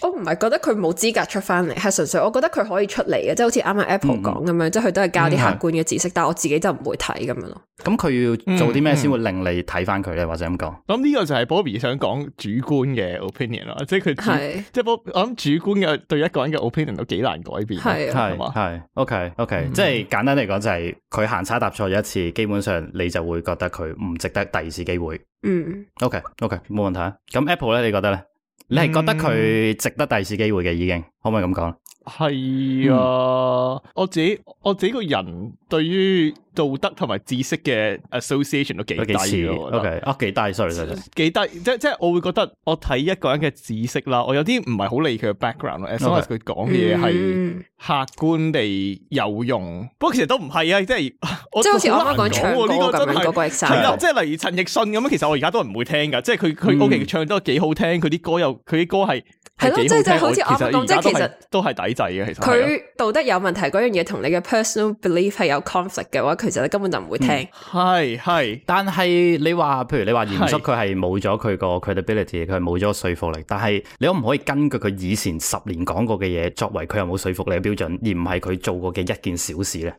我唔係覺得佢冇資格出翻嚟，係純粹我覺得佢可以出嚟嘅，即係好似啱啱 Apple 講咁樣，嗯、即係佢都係教啲客觀嘅知識，嗯、但係我自己就唔會睇咁樣咯。咁佢、嗯、要做啲咩先會令你睇翻佢咧？或者咁講？咁呢、嗯嗯、個就係 Bobby 想講主觀嘅 opinion 咯，即係佢即係我諗主觀嘅對一個人嘅 opinion 都幾難改變，係係係 OK OK，、嗯、即係簡單嚟講就係佢行差踏錯一次，基本上你就會覺得佢唔值得第二次機會。嗯，OK，OK，、okay, okay, 冇問題啊。咁 Apple 咧，你覺得咧？你係覺得佢值得第二次機會嘅已經，可唔可以咁講？係啊，嗯、我自己我自己個人對於。道德同埋知識嘅 association 都幾低咯。OK，啊幾低，sorry sorry 幾低，即即係我會覺得我睇一個人嘅知識啦。我有啲唔係好理佢嘅 background 咯。As long as 佢講嘢係客觀地有用，不過其實都唔係啊，即係即係好似我啱啱講唱歌咁樣嗰個例子。係啦，即係例如陳奕迅咁啊，其實我而家都唔會聽㗎。即係佢佢 OK，唱都幾好聽，佢啲歌又佢啲歌係係咯，即係好似阿即係其實都係抵制嘅。其實佢道德有問題嗰樣嘢同你嘅 personal belief 係有 conflict 嘅話其實你根本就唔會聽，係係、嗯。但係你話，譬如你話嚴肅，佢係冇咗佢個 credibility，佢係冇咗說服力。但係你可唔可以根據佢以前十年講過嘅嘢，作為佢有冇說服力嘅標準，而唔係佢做過嘅一件小事咧？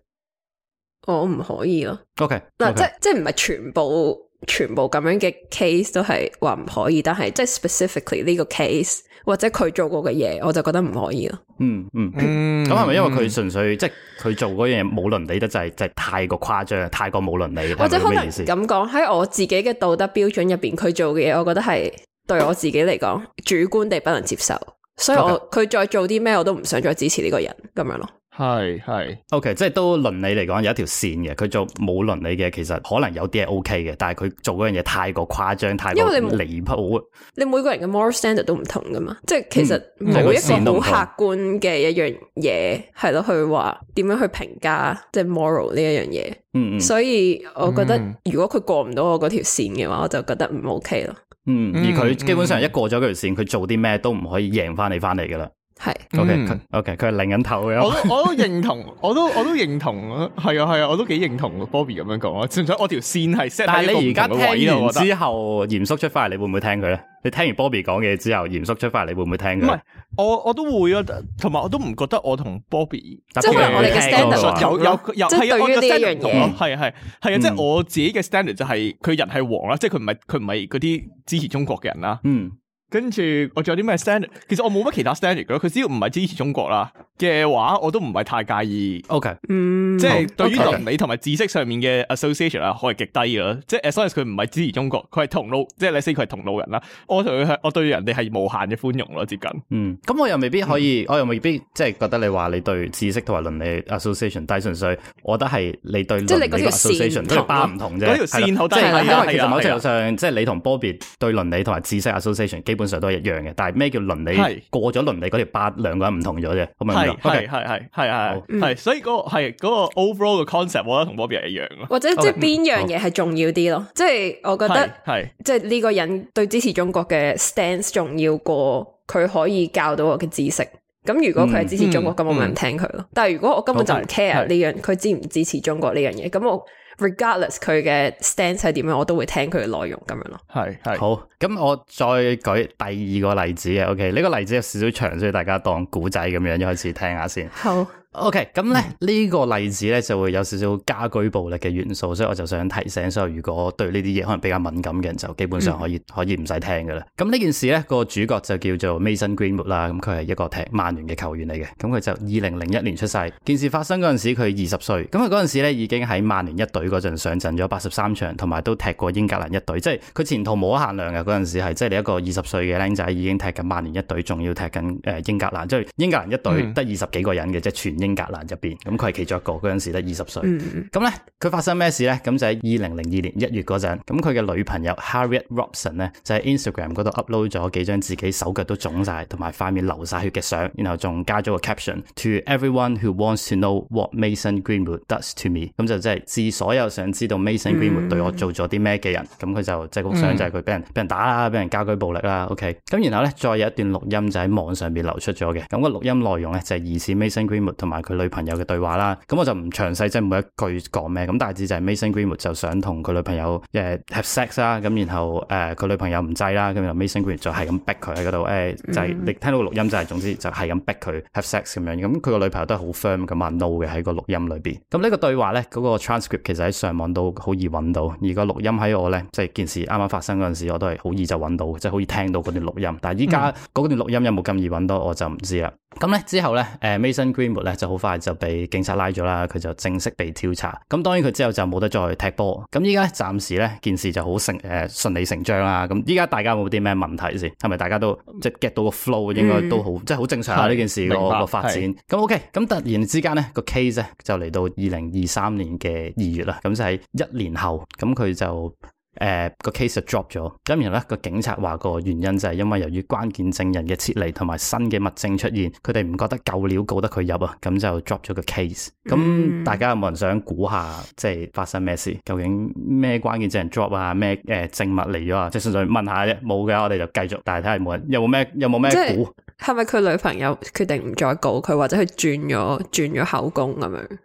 我唔可以咯。OK，嗱 OK、啊，即係即係唔係全部，全部咁樣嘅 case 都係話唔可以。但係即係 specifically 呢個 case。或者佢做過嘅嘢，我就覺得唔可以咯、嗯。嗯嗯，咁係咪因為佢純粹、嗯、即係佢做嗰樣嘢冇倫理得滯，即係太過誇張，太過冇倫理？或者可能咁講喺我自己嘅道德標準入邊，佢做嘅嘢，我覺得係對我自己嚟講、嗯、主觀地不能接受，所以我佢 Okay. 再做啲咩我都唔想再支持呢個人咁樣咯。係係，OK，即係都倫理嚟講有一條線嘅，佢做冇倫理嘅，其實可能有啲係 OK 嘅，但係佢做嗰樣嘢，太過誇張，太過離譜啊！你每個人嘅 moral standard 都唔同噶嘛，即係其實冇、嗯嗯、一個好客觀嘅一樣嘢係咯，去話點樣去評價即係 moral 呢一樣嘢。嗯，所以我覺得、嗯、如果佢過唔到我嗰條線嘅話，我就覺得唔 OK 咯。嗯，而佢基本上一過咗嗰條線，佢、嗯嗯、做啲咩都唔可以贏翻你翻嚟噶啦係，OK，佢 OK，佢係擰緊頭嘅。我都我都認同，我都我都認同，係啊係啊，我都幾認同。Bobby 咁樣講，唔想我條線係 set 喺一個唔同嘅位。但係你而家睇完之後，嚴叔出翻嚟，你會唔會聽佢咧？你聽完 Bobby 講嘢之後，嚴叔出翻嚟，你會唔會聽佢？唔係，我我都會啊，同埋我都唔覺得我同 Bobby 即係我哋嘅 standard 有有有係關於呢一樣嘢。係係係啊，即係我自己嘅 standard 就係佢人係黃啦，即係佢唔係佢唔係嗰啲支持中國嘅人啦。嗯。跟住我仲有啲咩 standard？其實我冇乜其他 standard 嘅，佢只要唔係支持中國啦嘅話，我都唔係太介意。OK，嗯，即係對於倫理同埋知識上面嘅 association 啊，可係極低嘅，即係 as long as 佢唔係支持中國，佢係同路，即係你先佢係同路人啦。我同佢係我對人哋係無限嘅寬容咯，接近。嗯，咁我又未必可以，我又未必即係覺得你話你對知識同埋倫理 association 低，純粹，我覺得係你對即係你 association 都係巴唔同啫，好即係喺喺某程度上，即係你同 Bobby 對倫理同埋知識 association 基本上都係一樣嘅，但係咩叫倫理？過咗倫理嗰條八，兩個人唔同咗啫。好樣咯。係係係係係係，所以嗰個係個 overall 嘅 concept 我覺得同 Bobby 一樣咯。或者即係邊樣嘢係重要啲咯？即係我覺得係即係呢個人對支持中國嘅 stance 重要過佢可以教到我嘅知識。咁如果佢係支持中國，咁我咪唔聽佢咯。但係如果我根本就唔 care 呢樣，佢支唔支持中國呢樣嘢，咁我。Regardless 佢嘅 stance 係點樣，我都會聽佢嘅內容咁樣咯。係，係，好，咁我再舉第二個例子嘅，OK？呢個例子有少少長，所以大家當古仔咁樣，一開始聽下先。 [laughs] 好。O.K. 咁咧呢、嗯、個例子咧就會有少少家居暴力嘅元素，所以我就想提醒，所以如果對呢啲嘢可能比較敏感嘅人，就基本上可以可以唔使聽㗎喇。咁呢、嗯、件事咧、個主角就叫做 Mason Greenwood 啦，咁佢係一個踢曼聯嘅球員嚟嘅，咁、嗯、佢就二零零一年出世，件事發生嗰陣時佢二十歲，咁佢嗰陣時咧已經喺曼聯一隊嗰陣上陣咗八十三場，同埋都踢過英格蘭一隊，即係佢前途無限量嘅嗰陣時係即係你一個二十歲嘅僆仔已經踢緊曼聯一隊，仲要踢緊誒英格蘭，即係英格蘭一隊得二十幾個人嘅即係全。英格蘭入邊，咁佢係其中一個嗰陣時得二十歲，咁咧佢發生咩事咧？咁就喺二零零二年一月嗰陣，咁佢嘅女朋友 Harriet Robson 咧就喺、是、Instagram 度 upload 咗幾張自己手腳都腫晒同埋塊面流晒血嘅相，然後仲加咗個 caption、嗯、to everyone who wants to know what Mason Greenwood does to me，咁就即係致所有想知道 Mason Greenwood、嗯、對我做咗啲咩嘅人，咁佢就即係個相就係佢俾人俾人打啦，俾人家居暴力啦，OK，咁然後咧再有一段錄音就喺網上邊流出咗嘅，咁、那個錄音內容咧就係疑似 Mason Greenwood 同埋。佢女朋友嘅對話啦，咁我就唔詳細，即係每一句講咩，咁大致就係 Mason Greenwood 就想同佢女朋友誒 have sex 啦，咁然後誒佢、呃、女朋友唔制啦，咁然後 Mason Greenwood 就係咁逼佢喺嗰度誒，就係、是、你聽到錄音就係、是，總之就係咁逼佢 have sex 咁樣，咁佢個女朋友都係好 firm 咁話 no 嘅喺個錄音裏邊。咁呢個對話咧，嗰、那個 transcript 其實喺上網都好易揾到，而個錄音喺我咧，即、就、係、是、件事啱啱發生嗰陣時，我都係好易就揾到，即係好易聽到嗰段錄音。但係依家嗰段錄音有冇咁易揾到，我就唔知啦。咁咧、mm hmm. 之後咧，誒、呃、Mason Greenwood 咧。就好快就被警察拉咗啦，佢就正式被調查。咁當然佢之後就冇得再去踢波。咁依家咧，暫時咧件事就好成誒呃、順理成章啦。咁依家大家有冇啲咩問題先，係咪大家都即係 get 到個 flow？應該都好，嗯、即係好正常啊呢、嗯、件事個個白發展。咁的 OK，咁突然之間咧、個 case 咧就嚟到二零二三年嘅二月啦。咁就喺一年後，咁佢就。誒，個、uh, case 就 drop 咗。咁然咧，個警察話個原因就係因為由於關鍵證人嘅撤離同埋新嘅物證出現，佢哋唔覺得舊料告得佢入啊，咁就 drop 咗個 case。咁，嗯、大家有冇人想估下，即係發生咩事？究竟咩關鍵證人 drop 啊？咩，呃、誒證物嚟咗啊？即係純粹問下啫，冇嘅，我哋就繼續。但係睇下冇人，有冇咩？有冇咩估？係咪佢女朋友決定唔再告佢，或者佢轉咗轉咗口供咁樣？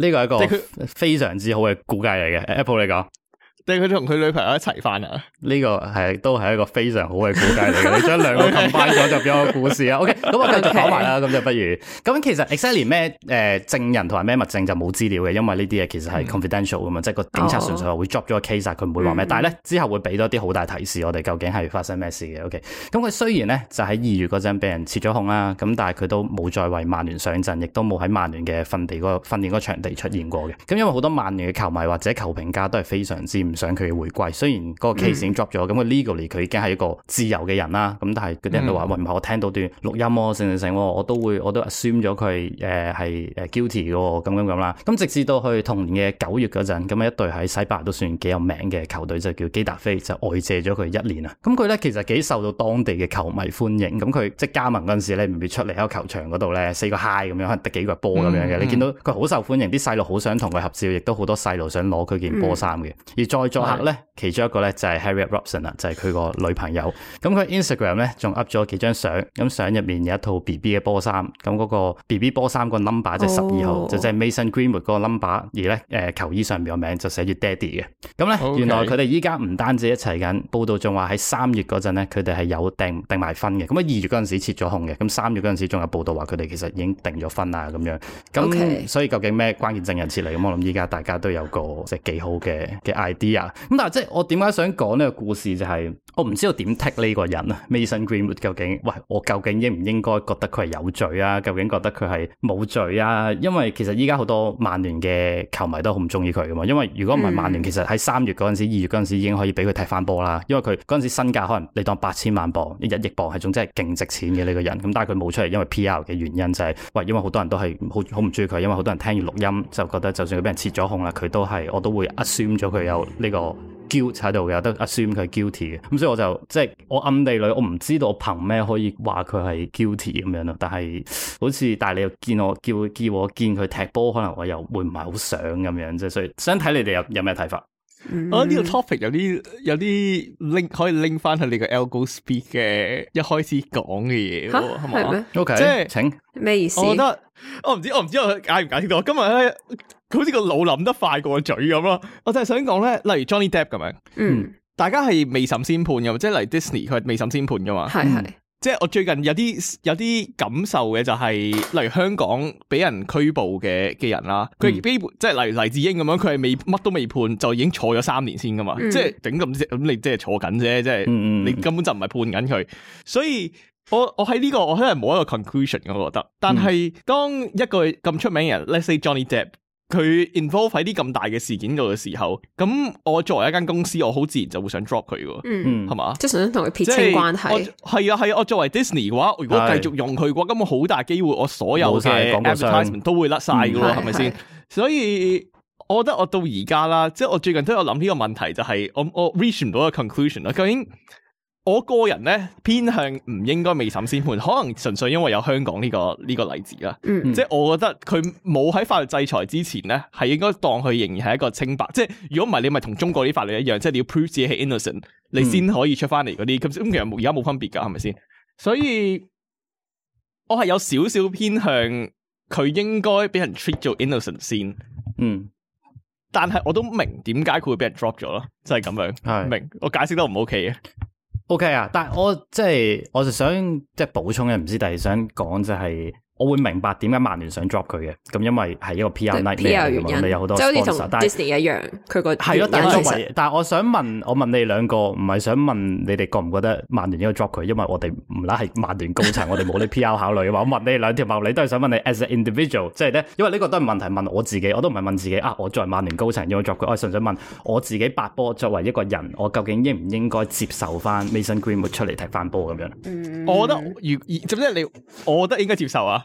呢個係一個非常之好嘅估計嚟嘅。Apple 你講。定佢同佢女朋友一齊翻啊？呢個係都係一個非常好嘅估計嚟嘅。你將兩 [laughs] 個 combine 咗就變個故事啊。 [laughs] OK，咁我繼續講埋啦。咁 [laughs] 就不如咁，其實 exactly 咩誒證人同埋咩物證就冇資料嘅，因為呢啲嘢其實係 confidential 咁嘛。嗯、即係個警察純粹話會 drop 咗個 case 啊，佢唔會話咩。但係咧之後會俾多啲好大提示，我哋究竟係發生咩事嘅。OK，咁佢雖然咧就喺二月嗰陣俾人切咗控啦，咁但係佢都冇再為曼聯上陣，亦都冇喺曼聯嘅訓地個訓練個場地出現過嘅。咁、嗯、因為好多曼聯嘅球迷或者球評家都係非常之唔想佢嘅回歸，雖然嗰個 case 已經 drop 咗，咁佢、嗯、legally 佢已經係一個自由嘅人啦。咁但係嗰啲人都話：嗯、喂，唔係我聽到段錄音喎、啊，成成成，我都會我都 assume 咗佢誒係誒、呃呃、guilty 咁、哦、樣咁啦。咁、嗯、直至到去同年嘅九月嗰陣，咁啊一隊喺西班牙都算幾有名嘅球隊就叫基達菲，就外借咗佢一年啊。咁佢咧其實幾受到當地嘅球迷歡迎。咁佢即係加盟嗰陣時咧，唔係出嚟喺球場嗰度咧，四個 high 咁樣，得幾個 ball 咁樣嘅。你見到佢好受歡迎，啲細路好想同佢合照，亦都好多細路想攞佢件波衫嘅。嗯、而再作客咧。其中一個咧就係 Harriet Robson 啊，就係佢個女朋友。咁佢 Instagram 咧仲 up 咗幾張相，咁相入面有一套 BB 嘅波衫，咁嗰個 BB 波衫個 number 就係十二號，oh. 就即係 Mason Greenwood 嗰個 number。而咧誒球衣上面個名就寫住 Daddy 嘅。咁咧 Okay. 原來佢哋依家唔單止一齊緊，報道仲話喺三月嗰陣咧，佢哋係有訂訂埋婚嘅。咁啊二月嗰陣時撤咗控嘅，咁三月嗰陣時仲有報道話佢哋其實已經訂咗婚啦咁樣。咁 Okay. 所以究竟咩關鍵證人撤嚟？咁我諗依家大家都有個即係幾好嘅嘅 idea。咁 ide 但係即係。我點解想講呢個故事就係我唔知道點踢呢個人，Mason Greenwood 究竟，喂，我究竟應唔應該覺得佢係有罪啊？究竟覺得佢係冇罪啊？因為其實依家好多曼聯嘅球迷都好唔中意佢噶嘛。因為如果唔係曼聯，嗯、其實喺三月嗰陣時、二月嗰陣時已經可以俾佢踢翻波啦。因為佢嗰陣時身價可能你當八千萬磅、一億磅係總之係勁值錢嘅呢、呢個人。咁但係佢冇出嚟，因為 P.R. 嘅原因就係、係，喂，因為好多人都係好好唔中意佢，因為好多人聽完錄音就覺得，就算佢俾人切咗控啦，佢都係我都會 assume 咗佢有呢、呢個。嬌喺度有得 assume 佢係 guilty 嘅，咁所以我就即係、就是、我暗地裏，我唔知道我憑咩可以話佢係 guilty 咁樣咯，但係好似但係你又見我叫佢叫我見佢踢波，可能我又會唔係好想咁樣啫，所以想睇你哋有有咩睇法。我覺得呢個 topic 有啲有啲拎可以拎翻去你個 algospeak 嘅一開始講嘅嘢，係咪？OK 即係請咩意思？我覺得我唔知我唔知，我唔知我解唔解釋到今日、啊。佢好似個腦諗得快過個嘴咁咯，我就係想講咧，例如 Johnny Depp 咁樣，嗯，大家係未審先判噶嘛，嗯、即係嚟 Disney 佢係未審先判噶嘛，係係，即係我最近有啲有啲感受嘅就係、是，例如香港俾人拘捕嘅嘅人啦，佢即係例如黎智英咁樣，佢係未乜都未判就已經坐咗三年先噶嘛，嗯、即係整咁，咁你即係坐緊啫，即係，你根本就唔係判緊佢，所以我我喺呢個我真係冇一個 conclusion，我覺得，但係當一個咁出名嘅人、嗯、，let’s say Johnny Depp。佢 involve 喺啲咁大嘅事件度嘅時候，咁我作為一間公司，我好自然就會想 drop 佢嘅，嗯，係嘛吧，即係想同佢撇清關係。係啊係啊，我作為 Disney 嘅話，如果繼續用佢嘅話，咁我好大機會我所有嘅 advertisement 都會甩晒㗎，係咪先？吧是是所以我覺得我到而家啦，即係我最近都有諗呢個問題，就係、是、我我 reach 唔到一個 conclusion 啦，究竟。我個人咧偏向唔應該未審先判，可能純粹因為有香港呢、呢個呢、呢個例子啦。嗯、即係我覺得佢冇喺法律制裁之前咧，係應該當佢仍然係一個清白。即係如果唔係，你咪同中國啲法律一樣，即係你要 prove 自己係 innocent，你先可以出翻嚟嗰啲。咁、嗯、其實而家冇分別噶，係咪先？所以，我係有少少偏向佢應該俾人 treat 做 innocent 先。嗯，但係我都明點解佢會俾人 drop 咗咯，就係、是、咁樣。嗯、明我解釋得唔 ok 嘅。OK 啊，但係我即係我就想即係補充嘅，唔知第二想講就係、是。我會明白點解曼聯想 drop 佢嘅，咁因為係一個 P R night 嘅對 year, 原因，嗯、你有好多 sponsor 但係 Disney 一樣，佢個係咯，但係其實 我想問，我問你兩個，唔係想問你哋覺唔覺得曼聯應該 drop 佢？因為我哋唔係係曼聯高層，我哋冇呢 P R 考慮嘅話， [laughs] 我問你兩條毛，你都係想問你 as an individual，即係咧，因為呢個都係問題，問我自己，我都唔係問自己啊，我作為曼聯高層要 drop 佢，我純粹問我自己白，八波作為一個人，我究竟應唔應該接受翻 Mason Greenwood 出嚟踢翻波咁樣？嗯、我覺得如，總之你，我覺得應該接受啊。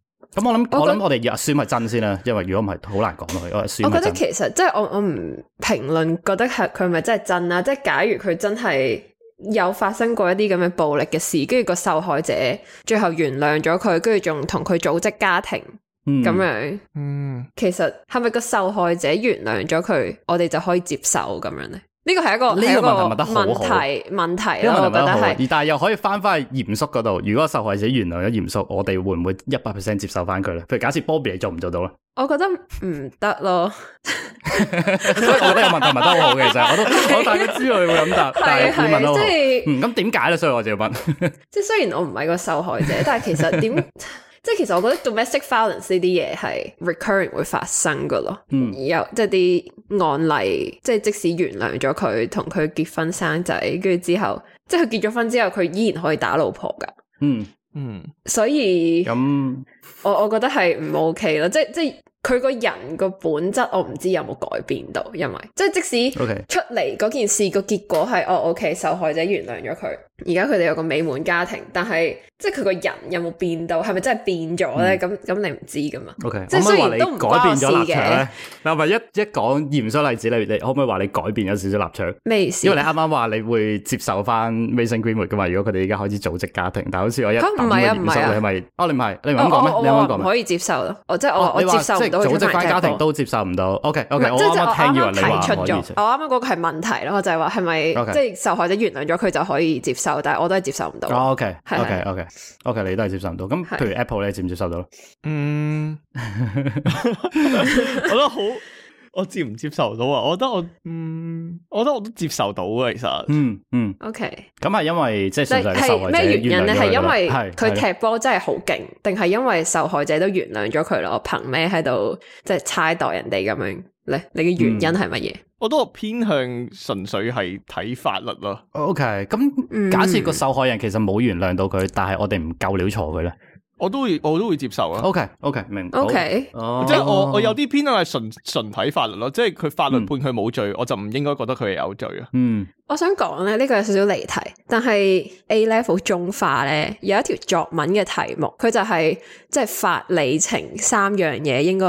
咁我諗，我諗我哋又算咪真先啦，因為如果唔係，好難講落去。我我覺得其實即係我我唔評論，覺得係佢咪真係真呀。即係假如佢真係有發生過一啲咁嘅暴力嘅事，跟住個受害者最後原諒咗佢，跟住仲同佢組織家庭，咁樣，嗯，其實係咪個受害者原諒咗佢，我哋就可以接受咁樣咧？呢個係一個呢個問題問得好好，題，問題啊，問題我覺得係，而但係又可以翻翻去嚴肅嗰度。如果受害者原諒咗嚴肅，我哋會唔會一百 percent 接受翻佢咧？譬如假設 Bobby，你做唔做到咧？我覺得唔得咯， [laughs] 所以我覺得有問題問得好好嘅，其實我都我大家知道你會咁答， [laughs] 是但係你問得好，咁點解咧？所以我就要問，即 [laughs] 係雖然我唔係個受害者，但係其實點？即係其實我覺得 domestic violence 呢啲嘢係 recurrent 會發生噶咯，有、嗯、即係啲案例，即係即使原諒咗佢，同佢結婚生仔，跟住之後，即係佢結咗婚之後，佢依然可以打老婆噶、嗯。嗯以嗯，所以咁我我覺得係唔 OK 咯，即係即係。佢個人個本質我唔知有冇改變到，因為即係即使出嚟嗰件事個結果係哦，OK，受害者原諒咗佢，而家佢哋有個美滿家庭，但係即係佢個人有冇變到，係咪真係變咗咧？咁咁你唔知噶嘛？即係所以都唔改變咗立場嗱，咪一一講嚴肅例子，你你可唔可以話你改變咗少少立場？未少，因為你啱啱話你會接受翻 Mason Greenwood 噶嘛？如果佢哋而家開始組織家庭，但好似我一唔係啊唔係啊，我你唔係你唔可以接受咯？我即係我我接受。組織家庭都接受唔到，OK，即、okay, 係是我聽以為你提出咗，我啱啱嗰個係問題咯，Okay. 就係話係咪即係受害者原諒咗佢就可以接受，但係我都係接受唔到。OK，OK，OK，OK，你都係接受唔到。咁譬如 Apple 咧，你接唔接受到咧？嗯，我覺得好。我接唔接受到啊？我覺得我，嗯，我覺得我都接受到嘅，其實，嗯嗯，OK。咁係因為即係純粹受害者原諒，係咩原因咧？嗯、因，因為佢踢波真係好勁，定係因為受害者都原諒咗佢咯？憑咩喺度即係猜度人哋咁樣咧？你嘅原因係乜嘢？我都偏向純粹係睇法律咯。OK，咁假設個受害人其實冇原諒到佢，嗯、但係我哋唔夠料坐佢咧我都會，我都會接受啊。OK，OK，okay, okay, 明白。OK，哦，即係我我有啲偏向係純純睇法律咯，即係佢法律判佢冇罪，嗯、我就唔應該覺得佢係有罪啊。嗯，我想講咧，呢、這個有少少離題，但係 A level 中化咧有一條作文嘅題目，佢就係、是、即係法理情三樣嘢應該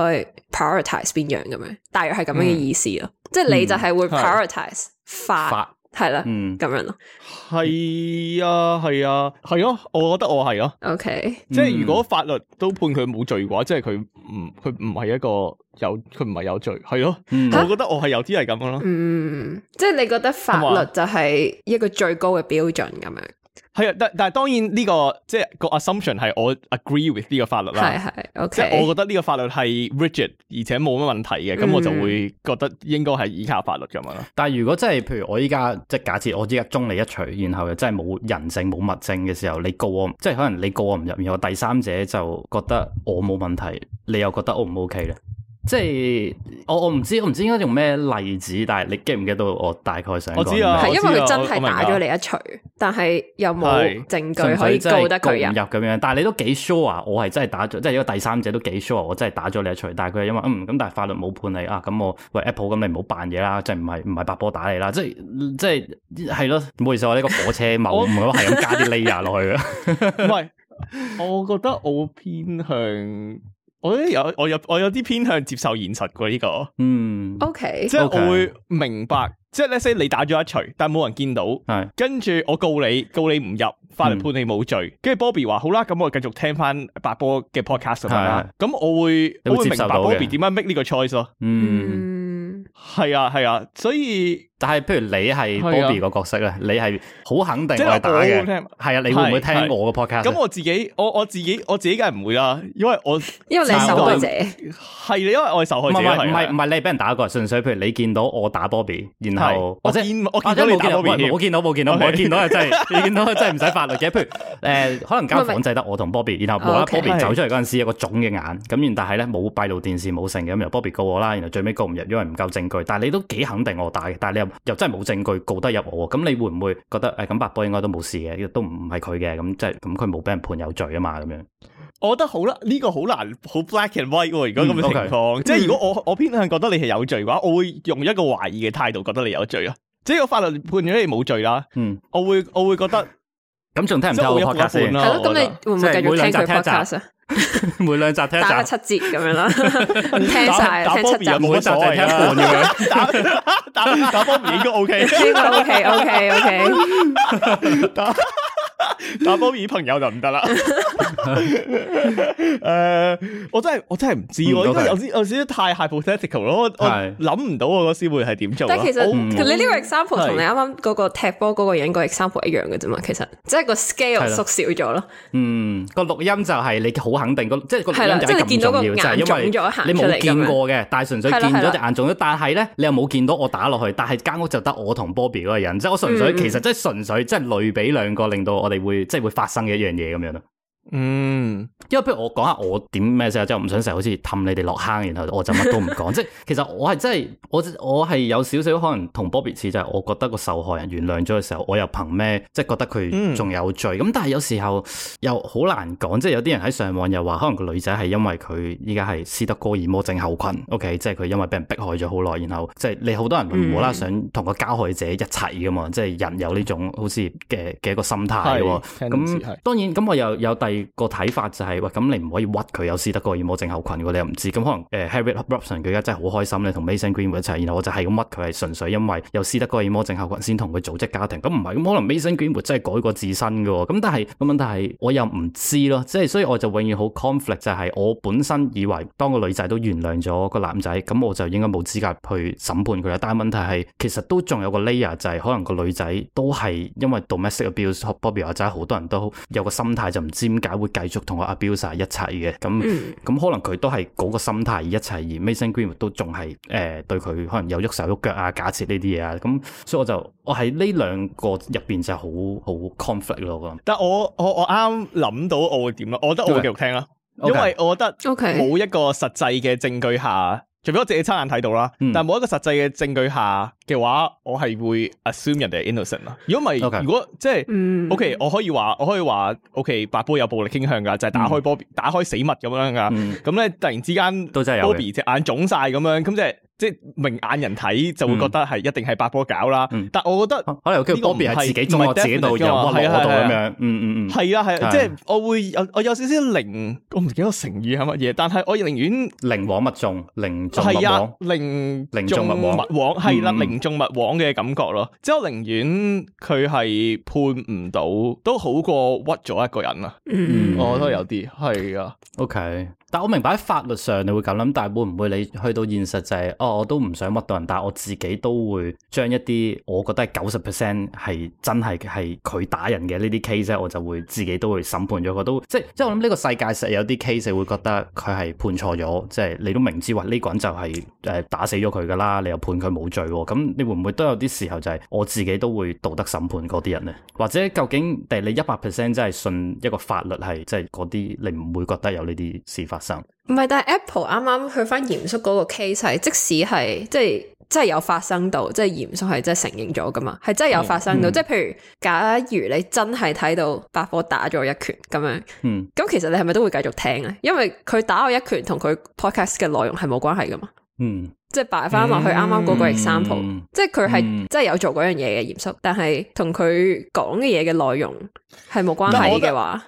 prioritize 邊樣咁樣，大約係咁樣嘅意思咯。即係、嗯、你就係會 prioritize、嗯、法。係啦，嗯、咁樣咯。係啊，係啊，係咯。我覺得我係咯。OK，即係如果法律都判佢冇罪嘅話，即係佢唔佢唔係一個有佢唔係有罪，係咯。嗯。我覺得我係有啲係咁樣咯。嗯，即係你覺得法律就係一個最高嘅標準咁樣。是係啊，但但係當然呢，這個即係個 assumption 係我 agree with 呢個法律啦，是是 okay，即係我覺得呢個法律係 rigid 而且冇乜問題嘅，咁，嗯、我就會覺得應該係依靠法律咁樣啦。但係如果真係譬如我依家即係假設我依家中你一錘，然後又真係冇人證冇物證嘅時候，你告我，即係可能你告我唔入面，然後第三者就覺得我冇問題，你又覺得 O 唔 O K 咧？即係我我唔知我唔知應該用咩例子，但係你記唔記得到我大概想講？我知 [music] 因為佢真係打咗你一錘，但係又冇證據可以告得佢入咁 [music] 樣。但係你都幾 sure，我係真係打咗，即係一個第三者都幾 sure，我真係打咗你一錘。但係佢因為嗯咁，但係法律冇判你啊，咁我喂 Apple 咁你唔好扮嘢啦，即係唔係唔係白波打你啦，即係即係係咯。唔好意思，我呢、這個火車冇唔好係咁加啲 layer 落去。唔係 [laughs] 我， [laughs] 我覺得我偏向。我有我有我有啲偏向接受現實過呢個，嗯，OK，即係我會明白，Okay. 即係，let’s say 你打咗一錘，但係冇人見到，係，跟住我告你，告你唔入，法律判你冇罪，跟住 Bobby 話好啦，咁我繼續聽翻白波嘅 podcast 啦，咁我會我會明白 Bobby 點樣 make 呢個 choice 咯，嗯，係啊係啊，所以。但係，譬如你係 Bobby 個角色咧，你係好肯定我打嘅。係啊，你會唔會聽我嘅 podcast？咁我自己，我我自己，我自己梗係唔會啊！因為我因為你受害者係，因為我係受害者。唔係唔係，你係俾人打過，純粹譬如你見到我打 Bobby，然後或者我見到我見到，我見到我見到，我見到係真係，你見到係真係唔使法律嘅。譬如誒，可能間房制得我同 Bobby，然後 Bobby 走出嚟嗰陣時有個腫嘅眼咁，然但係咧冇閉路電視冇成嘅，咁由 Bobby 告我啦，然後最尾告唔入，因為唔夠證據。但係你都幾肯定我打嘅，但係你又。又真係冇證據告得入我，咁你會唔會覺得誒，咁百多應該都冇事嘅，呢個都唔唔係佢嘅，咁即係咁佢冇俾人判有罪啊嘛，咁樣？我覺得好難，呢、這個好難好 black and white 喎。如果咁嘅情況，mm, okay. 即係如果我我偏向覺得你係有罪嘅話，我會用一個懷疑嘅態度覺得你有罪啊。即係個法律判咗你冇罪啦，嗯，mm. 我會我會覺得咁仲聽唔聽？咁、嗯啊、你會唔會繼續聽佢 podcast 啊？每兩集聽一集七節咁樣啦，聽晒聽七集冇得剩啦，咁樣打打波方面應該 OK，OK OK OK。打 Bobby 朋友就唔得啦。誒，我真係我真係唔知，我應該我先我太 hypothetical 咯，我諗唔到我嗰時會係點做。但其實你呢個 example 同你啱啱嗰個踢波嗰個人個 example 一樣嘅啫嘛，其實即係個 scale 縮少咗咯。嗯，個錄音就係你好肯定，即係個錄音就係咁重要，就係因為你冇見過嘅，但係純粹見咗隻眼腫咗。但係咧，你又冇見到我打落去，但係間屋就得我同 Bobby 嗰個人，即係我純粹其實即係純粹即係類比兩個，令到我。你會即係會發生嘅一樣嘢咁樣咯。嗯，因為譬如我講下我點咩先，即係我唔想成日好似氹你哋落坑，然後我就乜都唔講。 [laughs] 即係其實我係真係，我我係有少少可能同波別似，就係、是、我覺得個受害人原諒咗嘅時候，我又憑咩即係覺得佢仲有罪？咁、嗯、但係有時候又好難講，即、就、係、是、有啲人喺上網又話，可能個女仔係因為佢依家係斯德哥爾摩症候群，OK，即係佢因為俾人迫害咗好耐，然後即係你好多人會無啦啦想同個加害者一齊噶嘛，嗯、即係人有呢種好似嘅嘅一個心態。咁、嗯、當然，咁我又有，有，有第。個睇法就係、是、喂，咁你唔可以屈佢有斯德哥爾摩症候群，嘅你又唔知。咁可能誒、呃、，Harriet Robson 佢而家真係好開心咧，同 Mason Greenwood 喺一齊。然後我就係咁屈佢，係純粹因為有斯德哥爾摩症候群先同佢組織家庭。咁唔係咁可能 Mason Greenwood 喎真係改過自身嘅。咁但係咁樣，但係我又唔知咯。即係所以我就永遠好 conflict 就係我本身以為當個女仔都原諒咗個男仔，咁我就應該冇資格去審判佢啦。但係問題係其實都仲有個 layer 就係、是、可能個女仔都係因為 Domestic Abuse 和 Poverty 啊，真係好多人都有個心態就唔知，解會繼續同我阿 Bill 一齊嘅，咁咁可能佢都係嗰個心態一齊，而 Mason Green 都仲係誒對佢可能有喐手喐腳啊，假設呢啲嘢啊，咁所以我就我喺呢兩個入邊就好好 conflict 咯咁。但係我我我啱諗到我會點啊？我覺得我會繼續聽啦，okay。因為我覺得冇一個實際嘅證據下。除非我自己親眼睇到啦，但係冇一個實際嘅證據下嘅話，我係會 assume 人哋係 innocent 啦。Okay. 如果唔係，如果即係、mm.，OK，我可以話，我可以話，OK，白波有暴力傾向噶，就係、是、打開波比，mm. 打開死物咁樣噶。咁咧、mm. 突然之間，波比隻眼腫晒咁樣，咁即係。即明眼人睇就會覺得係一定係八婆搞啦，嗯、但我覺得可能多變係自己做或者自己度又屈我度咁樣，嗯嗯嗯，係啊係，的即係我會有我有少少寧，我唔記得個成語係乜嘢，但係我寧願寧枉勿縱，寧縱勿枉，寧寧縱勿枉，枉，係、嗯、啦，寧縱勿枉嘅感覺咯，之後寧願佢係判唔到，都好過屈咗一個人啦，嗯、我覺得都有啲係啊 OK 但我明白喺法律上你會咁諗，但係會唔會你去到現實就係、是、哦我都唔想屈到人，但係我自己都會將一啲我覺得係九十 percent 係真係係佢打人嘅呢啲 case，我就會自己都會審判咗個，都即係即係我諗呢個世界實有啲 case 會覺得佢係判錯咗，即、就、係、是、你都明知話呢、這個人就係誒打死咗佢㗎啦，你又判佢冇罪，咁你會唔會都有啲時候就係我自己都會道德審判嗰啲人咧？或者究竟第你一百 percent 真係信一個法律係即係嗰啲你唔會覺得有呢啲事法。唔係，但係 Apple 啱啱去翻嚴肅嗰個 case 即使係即係即係有發生到，即係嚴肅係真係承認咗噶嘛，係真係有發生到，嗯，即係譬如假如你真係睇到百貨打咗一拳咁樣，嗯，咁其實你係咪都會繼續聽啊？因為佢打我一拳同佢 podcast 嘅內容係冇關係噶嘛，嗯，即係擺翻落去啱啱嗰個 example，嗯，即係佢係真係有做嗰樣嘢嘅嚴肅，但係同佢講嘅嘢嘅內容。係冇關係嘅話，話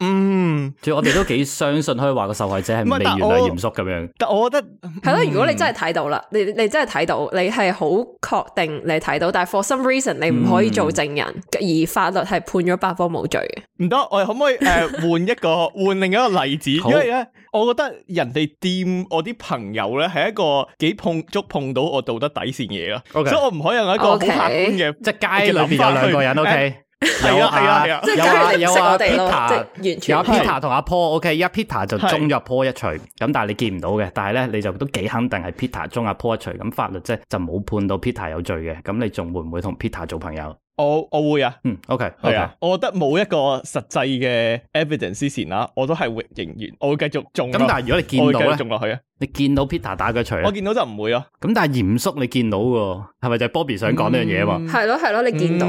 嗯，我哋都幾相信可以話個受害者係未原來嚴肅咁樣。但我覺得係咯、嗯，如果你真係睇到啦，你你真係睇到，你係好確定你睇到，但係 for some reason 你唔可以做證人，嗯、而法律係判咗八方冇罪嘅。唔得，我哋可唔可以誒換、呃、一個換另一個例子？ [laughs] 因為咧，我覺得人哋掂我啲朋友咧係一個幾碰觸碰到我道德底線嘢啦，Okay. 所以我唔可以用一個客觀嘅，即係街裏邊有兩個人。Okay. 嗯嗯嗯係啊，係啊，即係梗係你識我哋全，有 Peter 同阿 Paul，OK，而家 Peter 就中咗 Paul 一錘咁，但係你見唔到嘅，但係咧你就都幾肯定係 Peter 中阿 Paul 一錘咁。法律即係就冇判到 Peter 有罪嘅，咁你仲會唔會同 Peter 做朋友？我我會啊，嗯 OK，OK，係啊。我覺得冇一個實際嘅 evidence 之前啦，我都係會仍然我會繼續中。咁但係如果你見到咧，中落去啊？你見到 Peter 打佢一錘，我見到就唔會啊。咁但係嚴肅，你見到個係咪就係 Bobby 想講呢樣嘢嘛？係咯係咯，你見到。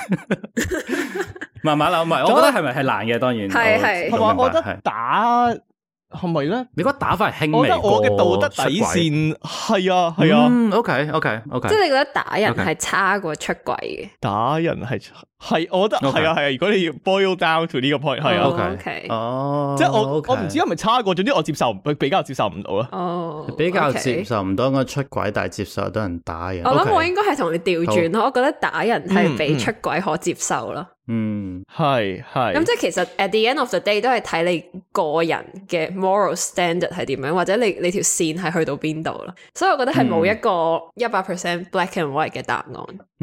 [laughs] 慢慢啦，唔係，我，我覺得係咪係難嘅？當然係係。係係我話我覺得打係咪咧？係係你覺得打法係輕微？我覺得我嘅道德底線係啊係啊、嗯。OK OK OK，即係你覺得打人係差過出軌嘅？Okay. 打人係。係，我覺得係 Okay. 啊，係啊。如果你要 boil down to 呢個 point，係、oh, okay. 啊，OK，哦，即係我我唔知係咪差過，總之我接受比較接受唔到啊。哦，比較接受唔到，我出軌但係接受到 Okay. 人打人。Okay. 我諗我應該係同你調轉咯，好我覺得打人係比出軌可接受咯、嗯。嗯，係係、嗯。咁即係其實 at the end of the day 都係睇你個人嘅 moral standard 係點樣，或者你你條線係去到邊度咯。所以我覺得係冇一個一百 percent black and white 嘅答案。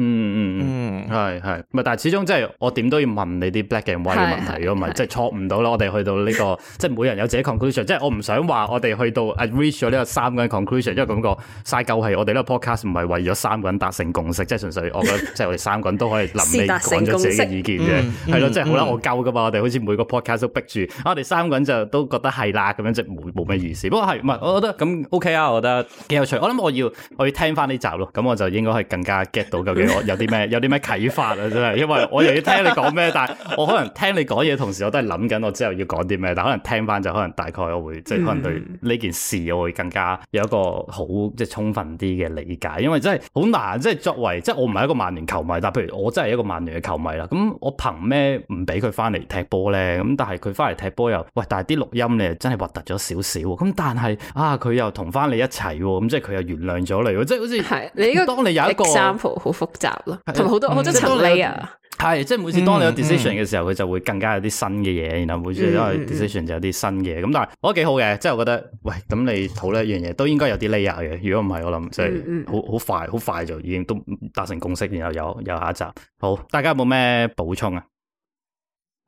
嗯嗯嗯嗯，係係，唔係但係始終即係我點都要問你啲 black and white 嘅問題，如果唔係即係錯唔到啦。我哋去到呢個即係每人有自己 conclusion，即係我唔想話我哋去到 reach 咗呢個三個人 conclusion，因為感覺曬夠係我哋呢個 podcast 唔係為咗三個人達成共識，即係純粹我覺得即係我哋三個人都可以臨尾講咗自己嘅意見嘅，係咯，即係好啦，我夠㗎嘛，我哋好似每個 podcast 都逼住，我哋三個人就都覺得係啦，咁樣即冇冇咩意思。不過係唔係我覺得咁 OK 啊？我覺得幾有趣。我諗我要我要聽翻呢集咯，咁我就應該係更加 get 到究竟。 [laughs] [laughs] [laughs] 有啲咩有啲咩啟發啊！真係，因為我又要聽你講咩，但係我可能聽你講嘢同時，我都係諗緊我之後要講啲咩。但可能聽翻就可能大概我會即係、就是、可能對呢件事我會更加有一個好即係充分啲嘅理解。因為真係好難，即係作為即係我唔係一個曼聯球迷，但譬如我真係一個曼聯嘅球迷啦。咁我憑咩唔俾佢翻嚟踢波咧？咁但係佢翻嚟踢波又喂，但係啲錄音咧真係核突咗少少。咁但係啊，佢又同翻你一齊喎，咁即係佢又原諒咗你。即係好似你當你有一個 sample 好複。集咯，同好多好 [music] 多 layer 係即係每次當你有 decision 嘅時候，佢就會更加有啲新嘅嘢，然後每次因為 decision 就有啲新嘅嘢，咁但係我都幾好嘅，即係我覺得喂，咁你討論一樣嘢都應該有啲 layer 嘅，如果唔係我諗即係好好快好快就已經都達成共識，然後有有下一集。好，大家有冇咩補充啊？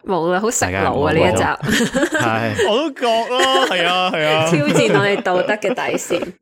冇啊，好食腦啊呢一集，係、 [laughs] 哎、 [laughs] 我都覺咯，係啊係啊，啊啊 [laughs] 挑戰我哋道德嘅底線， [laughs]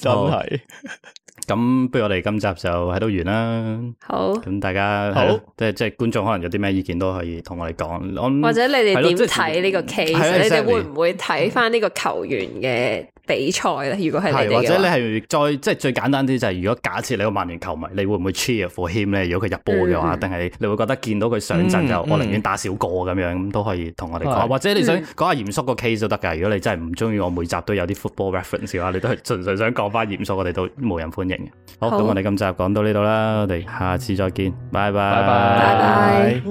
真係是的。 [laughs] 咁不如我哋今集就喺度完啦。好，咁大家好，即係即係觀眾可能有啲咩意見都可以同我哋講。Um, 或者你哋點睇呢個 case？、嗯就是、你哋會唔會睇返呢個球員嘅、嗯？比賽咧，如果係你，或者你係再即係最簡單啲，就係如果假設你個曼聯球迷，你會唔會 cheer for him 咧？如果佢入波嘅話，定係你會覺得見到佢上陣就，我寧願打少個咁樣，咁都可以同我哋講，或者你想講下嚴肅個 case 都得嘅。如果你真係唔中意我每集都有啲 football reference 嘅話，你都係純粹想講翻嚴肅，我哋都冇人歡迎。好，咁我哋今集講到呢度啦，我哋下次再見，拜拜，拜拜。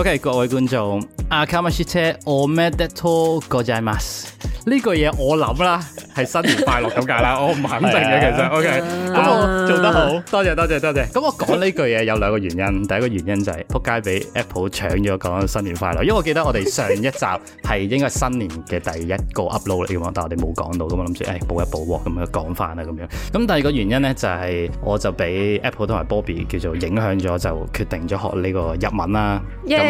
Okay, 各位觀眾，阿 c o m e a 車，我咩都拖個字，mas 呢句嘢我諗啦，係新年快樂咁解啦，我唔肯定嘅， [laughs] 其實 OK，咁我、uh, 哦、做得好多謝多謝多謝，咁、嗯、我講呢句嘢有兩個原因，第一個原因就係、是、仆街俾 [laughs] Apple 搶咗講新年快樂，因為我記得我哋上一集係應該新年嘅第一個 upload 嚟嘅嘛，load, 但我哋冇講到咁嘛，諗住誒補一補咁樣講翻啦咁樣，咁、嗯、第二個原因咧就係、是、我就俾 Apple 同埋 Bobby 叫做影響咗，就決定咗學呢個日文啦。Yeah.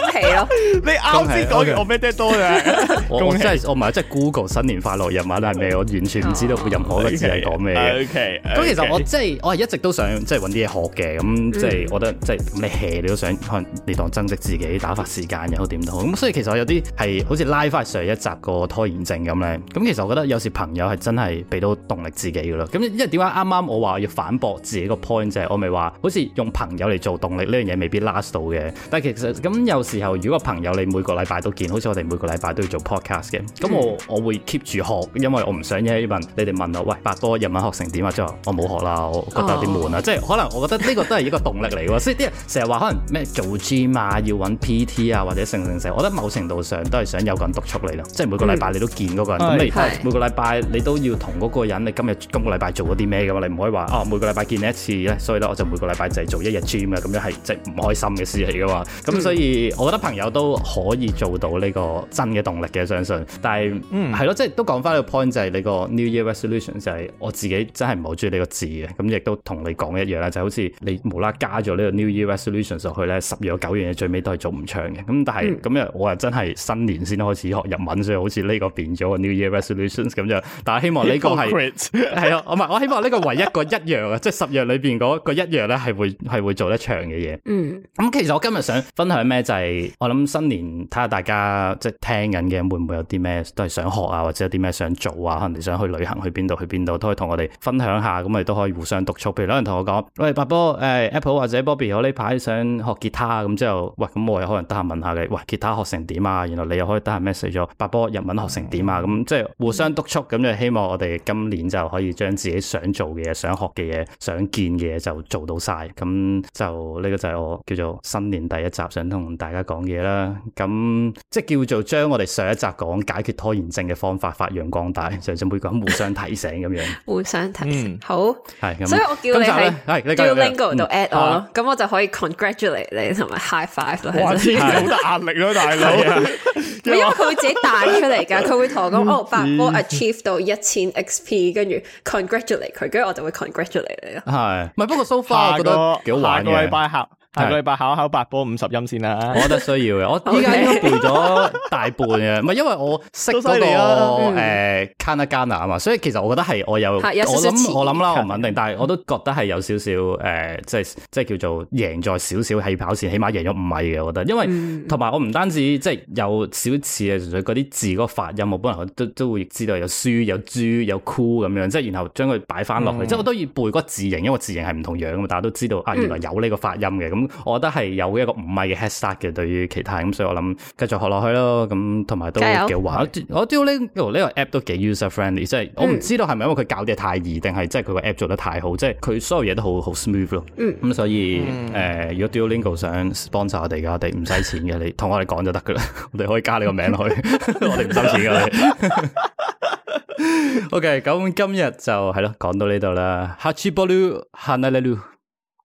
咯！ [music] 你啱先講完我咩得多嘅，我真係我唔係即係 Google 新年快樂日文係咩？我完全唔知道任何一個字係講咩嘅。咁、okay, okay , okay. 其實我即係、就是、我係一直都想即係揾啲嘢學嘅，咁即係我覺得即係你 hea 你都想可能你當增值自己打發時間又好點都好，咁所以其實我有啲係好似拉翻上一集個拖延症咁咧。咁其實我覺得有時朋友係真係俾到動力自己噶咯。咁因為點解啱啱我話要反駁自己個 point 就係、是、我咪話好似用朋友嚟做動力呢樣嘢未必 last 到嘅，但係其實咁又時候，如果朋友你每個禮拜都見，好似我哋每個禮拜都要做 podcast 嘅，咁我、嗯、我會 keep 住學，因為我唔想嘢問你哋問我，喂，百多日文學成點啊？之後我冇學啦，我覺得有啲悶啊，哦、即係可能我覺得呢個都係一個動力嚟嘅， [laughs] 所以啲人成日話可能咩做 gym 啊，要揾 pt 啊，或者成成成，我覺得某程度上都係想有個人督促你咯，即係每個禮拜你都見嗰個人，咁你、嗯嗯、每個禮拜你都要同嗰個人你今日今個禮拜做咗啲咩嘅嘛，你唔可以話哦、啊，每個禮拜見你一次咧，所以咧我就每個禮拜就係做一日 gym 嘅，咁樣係即唔開心嘅事嚟嘅嘛，咁所以。嗯。我覺得朋友都可以做到呢個真嘅動力嘅，相信。但係，嗯，係咯，即係都講翻呢個 point 就係、是、你個 New Year Resolution 就係我自己真係唔係好中意呢個字嘅。咁亦都同你講一樣啦，就是、好似你無啦啦加咗呢個 New Year Resolution 上去咧，十樣九樣嘢最尾都係做唔長嘅。咁但係，咁又、嗯、我係真係新年先開始學日文，所以好似呢個變咗 New Year Resolutions 咁樣。但係希望呢個係係啊，唔係我希望呢個, [laughs] [laughs] 個唯一,一 [laughs] 個一樣啊，即係十樣裏邊嗰個一樣咧係會係會做得長嘅嘢。嗯，咁其實我今日想分享咩就係係我諗新年睇下大家即係聽緊嘅會唔會有啲咩都係想學啊或者有啲咩想做啊可能你想去旅行去邊度去邊度都可以同我哋分享下咁我哋都可以互相督促。譬如有人同我講喂八波誒、欸、Apple 或者 Bobby 我呢排想學吉他咁、嗯、之後喂咁我又可能得閒問下你喂吉他學成點啊然後你又可以得閒咩事咗八波日文學成點啊咁即係互相督促咁就希望我哋今年就可以將自己想做嘅嘢想學嘅嘢想見嘅嘢就做到晒咁就呢、這個就係我叫做新年第一集想同大。大家講嘢啦，咁即係叫做將我哋上一集講解決拖延症嘅方法發揚光大，就係每個人互相提醒咁樣，互相提醒。好，係，所以我叫你喺 Duolingo 度 at 我咯，咁我就可以 congratulate 你同埋 high five 咯。玩啲好大壓力咯，大佬，因為佢會自己彈出嚟噶，佢會同我講哦，八波 achieve 到一千 XP，跟住 congratulate 佢，跟住我就會 congratulate 你啊。係，係不過 so far 我覺得幾好玩下個禮拜下個禮拜考考八波五十音先啦，我覺得需要嘅。我依家已經背咗大半嘅，唔係因為我識嗰個誒 c a n a 啊嘛，所以其實我覺得係我有我諗我諗啦，唔肯定，但係我都覺得係有少少誒，即係即係叫做贏在少少起跑線，起碼贏咗五米嘅，我覺得。因為同埋我唔單止即係有少次啊，純粹啲字個發音啊，我本能都都會知道有書有豬有箍咁樣，即係然後將佢擺翻落去，即係我都要背嗰字形，因為字形係唔同樣啊嘛，大家都知道啊，原來有呢個發音嘅咁。我覺得係有一個唔細嘅 head start 嘅對於其他咁，所以我諗繼續學落去咯。咁同埋都幾好玩。我 Duolingo 呢個 app 都幾 user friendly，即係我唔知道係咪因為佢教嘢太易，定係即係佢個 app 做得太好，即係佢所有嘢都好好 smooth 咯。咁、嗯、所以誒、嗯呃，如果 Duolingo 想 sponsor 我哋嘅，我哋唔使錢嘅，你同我哋講就得噶啦， [laughs] 我哋可以加你個名落去， [laughs] 我哋唔收錢噶、 [laughs] okay。O K，咁今日就係咯，講到呢度啦，下次波妞下一